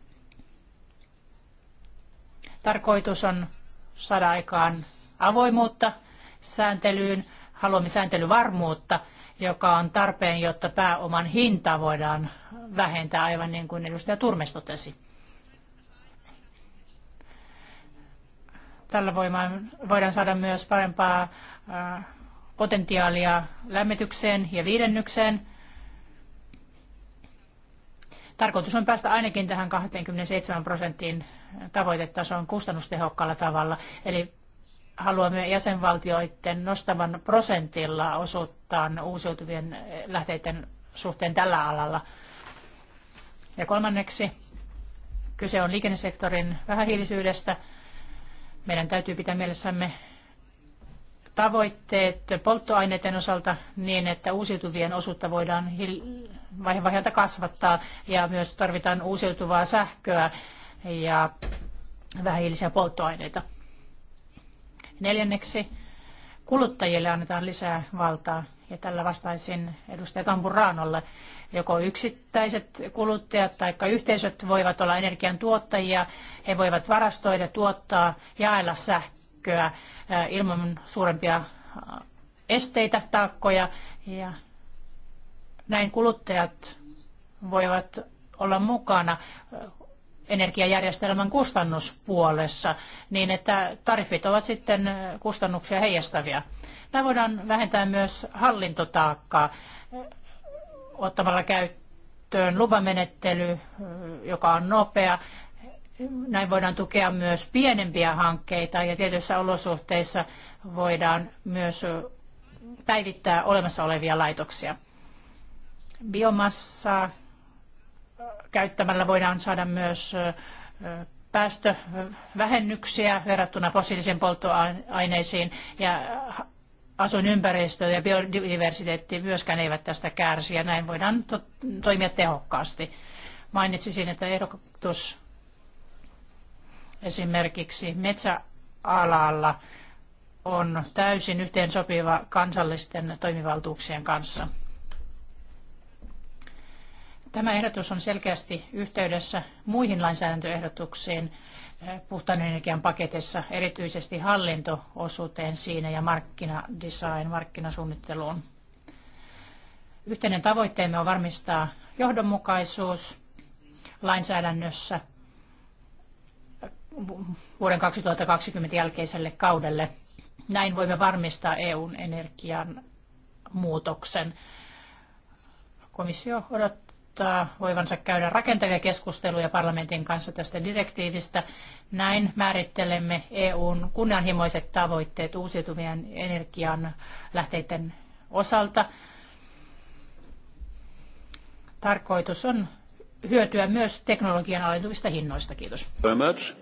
Tarkoitus on saada aikaan avoimuutta sääntelyyn, haluamme sääntelyvarmuutta, joka on tarpeen, jotta pääoman hintaa voidaan vähentää, aivan niin kuin edustaja Turmes totesi. Tällä voidaan saada myös parempaa potentiaalia lämmitykseen ja viidennykseen. Tarkoitus on päästä ainakin tähän 27 prosentin tavoitetasoon kustannustehokkaalla tavalla. Eli haluamme jäsenvaltioiden nostavan prosentilla osuuttaan uusiutuvien lähteiden suhteen tällä alalla. Ja kolmanneksi kyse on liikennesektorin vähähiilisyydestä – meidän täytyy pitää mielessämme tavoitteet polttoaineiden osalta niin, että uusiutuvien osuutta voidaan vaihe vaiheelta kasvattaa ja myös tarvitaan uusiutuvaa sähköä ja vähähiilisiä polttoaineita. Neljänneksi kuluttajille annetaan lisää valtaa ja tällä vastaisin edustaja Tampuraanolle. Joko yksittäiset kuluttajat tai yhteisöt voivat olla energian tuottajia, he voivat varastoida, tuottaa, jaella sähköä äh, ilman suurempia äh, esteitä, taakkoja ja näin kuluttajat voivat olla mukana äh, energiajärjestelmän kustannuspuolessa, niin että tariffit ovat sitten kustannuksia heijastavia. Näin voidaan vähentää myös hallintotaakkaa ottamalla käyttöön lupamenettely, joka on nopea. Näin voidaan tukea myös pienempiä hankkeita ja tietyissä olosuhteissa voidaan myös päivittää olemassa olevia laitoksia. Biomassaa käyttämällä voidaan saada myös päästövähennyksiä verrattuna fossiilisiin polttoaineisiin ja asuinympäristö ja biodiversiteetti myöskään eivät tästä kärsi ja näin voidaan to- toimia tehokkaasti. Mainitsisin, että ehdotus esimerkiksi metsäalalla on täysin sopiva kansallisten toimivaltuuksien kanssa. Tämä ehdotus on selkeästi yhteydessä muihin lainsäädäntöehdotuksiin, puhtaan energian paketissa, erityisesti hallintoosuuteen siinä ja markkinadesign, markkinasuunnitteluun. Yhteinen tavoitteemme on varmistaa johdonmukaisuus lainsäädännössä vuoden 2020 jälkeiselle kaudelle. Näin voimme varmistaa EUn energian muutoksen. Komissio odottaa ilmoittaa voivansa käydä rakentavia keskusteluja parlamentin kanssa tästä direktiivistä. Näin määrittelemme EUn kunnianhimoiset tavoitteet uusiutuvien energian lähteiden osalta. Tarkoitus on hyötyä myös teknologian alentuvista hinnoista. Kiitos. Very much.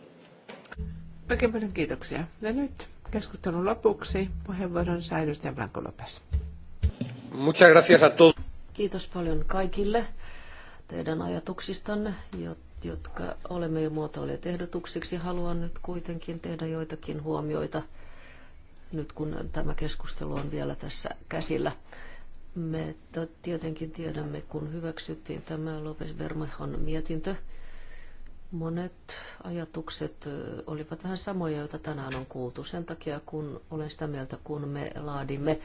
Oikein paljon kiitoksia. Ja nyt keskustelun lopuksi puheenvuoron saa edustaja Blanco Lopes. Muchas gracias a todos. Kiitos paljon kaikille teidän ajatuksistanne, jotka olemme jo muotoilleet ehdotuksiksi. Haluan nyt kuitenkin tehdä joitakin huomioita, nyt kun tämä keskustelu on vielä tässä käsillä. Me tietenkin tiedämme, kun hyväksyttiin tämä Lopes Vermehon mietintö, monet ajatukset olivat vähän samoja, joita tänään on kuultu. Sen takia, kun olen sitä mieltä, kun me laadimme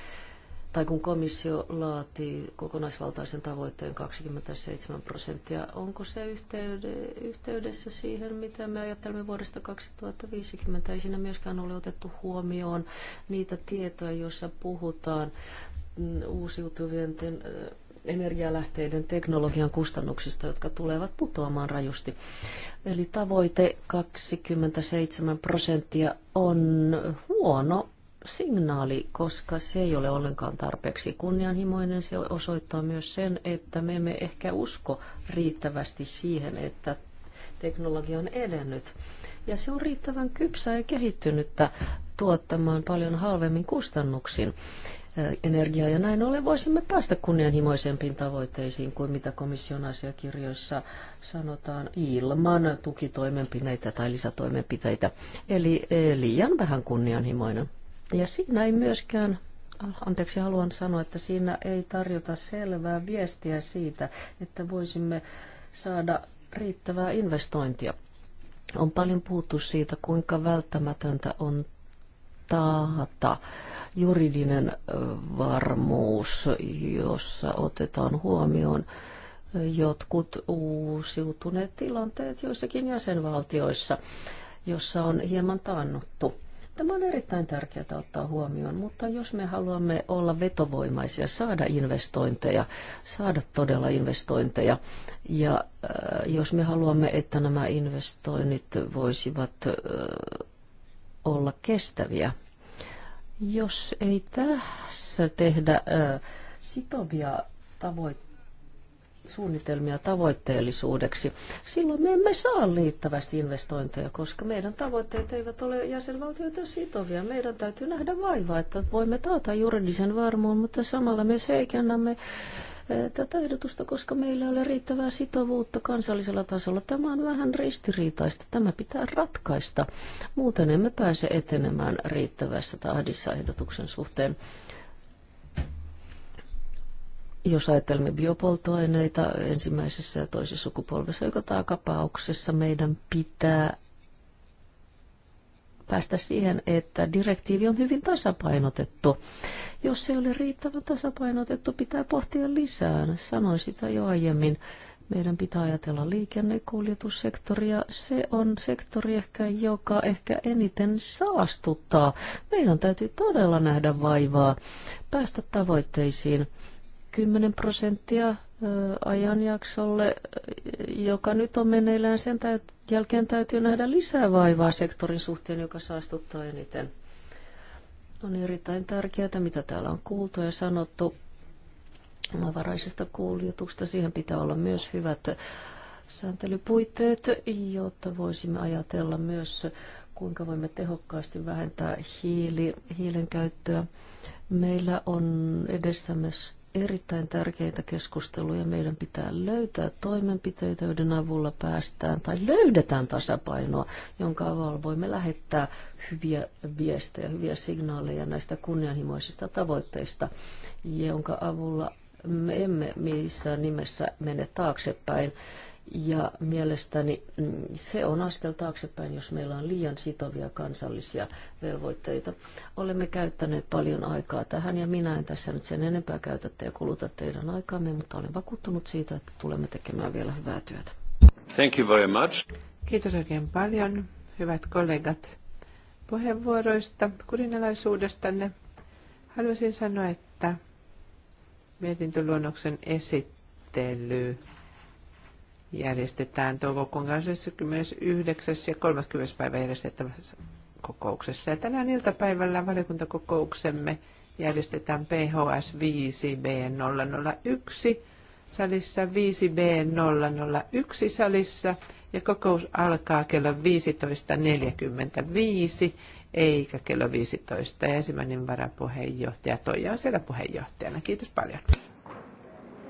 tai kun komissio laatii kokonaisvaltaisen tavoitteen 27 prosenttia, onko se yhteydessä siihen, mitä me ajattelemme vuodesta 2050? Ei siinä myöskään ole otettu huomioon niitä tietoja, joissa puhutaan mm, uusiutuvien energialähteiden teknologian kustannuksista, jotka tulevat putoamaan rajusti. Eli tavoite 27 prosenttia on huono signaali, koska se ei ole ollenkaan tarpeeksi kunnianhimoinen. Se osoittaa myös sen, että me emme ehkä usko riittävästi siihen, että teknologia on edennyt. Ja se on riittävän kypsää ja kehittynyttä tuottamaan paljon halvemmin kustannuksin eh, energiaa. Ja näin ollen voisimme päästä kunnianhimoisempiin tavoitteisiin kuin mitä komission asiakirjoissa sanotaan ilman tukitoimenpiteitä tai lisätoimenpiteitä. Eli eh, liian vähän kunnianhimoinen. Ja siinä ei myöskään, ah, anteeksi haluan sanoa, että siinä ei tarjota selvää viestiä siitä, että voisimme saada riittävää investointia. On paljon puhuttu siitä, kuinka välttämätöntä on taata juridinen varmuus, jossa otetaan huomioon jotkut uusiutuneet tilanteet joissakin jäsenvaltioissa, jossa on hieman taannuttu Tämä on erittäin tärkeää ottaa huomioon, mutta jos me haluamme olla vetovoimaisia, saada investointeja, saada todella investointeja, ja äh, jos me haluamme, että nämä investoinnit voisivat äh, olla kestäviä, jos ei tässä tehdä äh, sitovia tavoitteita, suunnitelmia tavoitteellisuudeksi, silloin me emme saa liittävästi investointeja, koska meidän tavoitteet eivät ole jäsenvaltioita sitovia. Meidän täytyy nähdä vaivaa, että voimme taata juridisen varmuun, mutta samalla myös heikennämme eh, tätä ehdotusta, koska meillä ei ole riittävää sitovuutta kansallisella tasolla. Tämä on vähän ristiriitaista. Tämä pitää ratkaista. Muuten emme pääse etenemään riittävässä tahdissa ehdotuksen suhteen. Jos ajattelemme biopolttoaineita ensimmäisessä ja toisessa sukupolvessa, joka tapauksessa meidän pitää päästä siihen, että direktiivi on hyvin tasapainotettu. Jos se ei ole riittävän tasapainotettu, pitää pohtia lisää. Sanoin sitä jo aiemmin. Meidän pitää ajatella liikennekuljetussektoria. Se on sektori ehkä, joka ehkä eniten saastuttaa. Meidän täytyy todella nähdä vaivaa, päästä tavoitteisiin. 10 prosenttia ajanjaksolle, joka nyt on meneillään. Sen täyt- jälkeen täytyy nähdä lisää vaivaa sektorin suhteen, joka saastuttaa eniten. On erittäin tärkeää, mitä täällä on kuultu ja sanottu omavaraisesta kuljetuksesta. Siihen pitää olla myös hyvät sääntelypuitteet, jotta voisimme ajatella myös, kuinka voimme tehokkaasti vähentää hiili, hiilen käyttöä. Meillä on edessämme erittäin tärkeitä keskusteluja. Meidän pitää löytää toimenpiteitä, joiden avulla päästään tai löydetään tasapainoa, jonka avulla voimme lähettää hyviä viestejä, hyviä signaaleja näistä kunnianhimoisista tavoitteista, jonka avulla me emme missään nimessä mene taaksepäin. Ja mielestäni mm, se on askel taaksepäin, jos meillä on liian sitovia kansallisia velvoitteita. Olemme käyttäneet paljon aikaa tähän ja minä en tässä nyt sen enempää käytä ja kuluta teidän aikaamme, mutta olen vakuuttunut siitä, että tulemme tekemään vielä hyvää työtä. Thank you very much. Kiitos oikein paljon, hyvät kollegat, puheenvuoroista, kurinalaisuudestanne. Haluaisin sanoa, että mietintöluonnoksen esittely järjestetään toukokuun 29. ja 30. päivä järjestettävässä kokouksessa. Ja tänään iltapäivällä valiokuntakokouksemme järjestetään PHS 5B001 salissa 5B001 salissa ja kokous alkaa kello 15.45 eikä kello 15 ja ensimmäinen varapuheenjohtaja Toija on siellä puheenjohtajana. Kiitos paljon.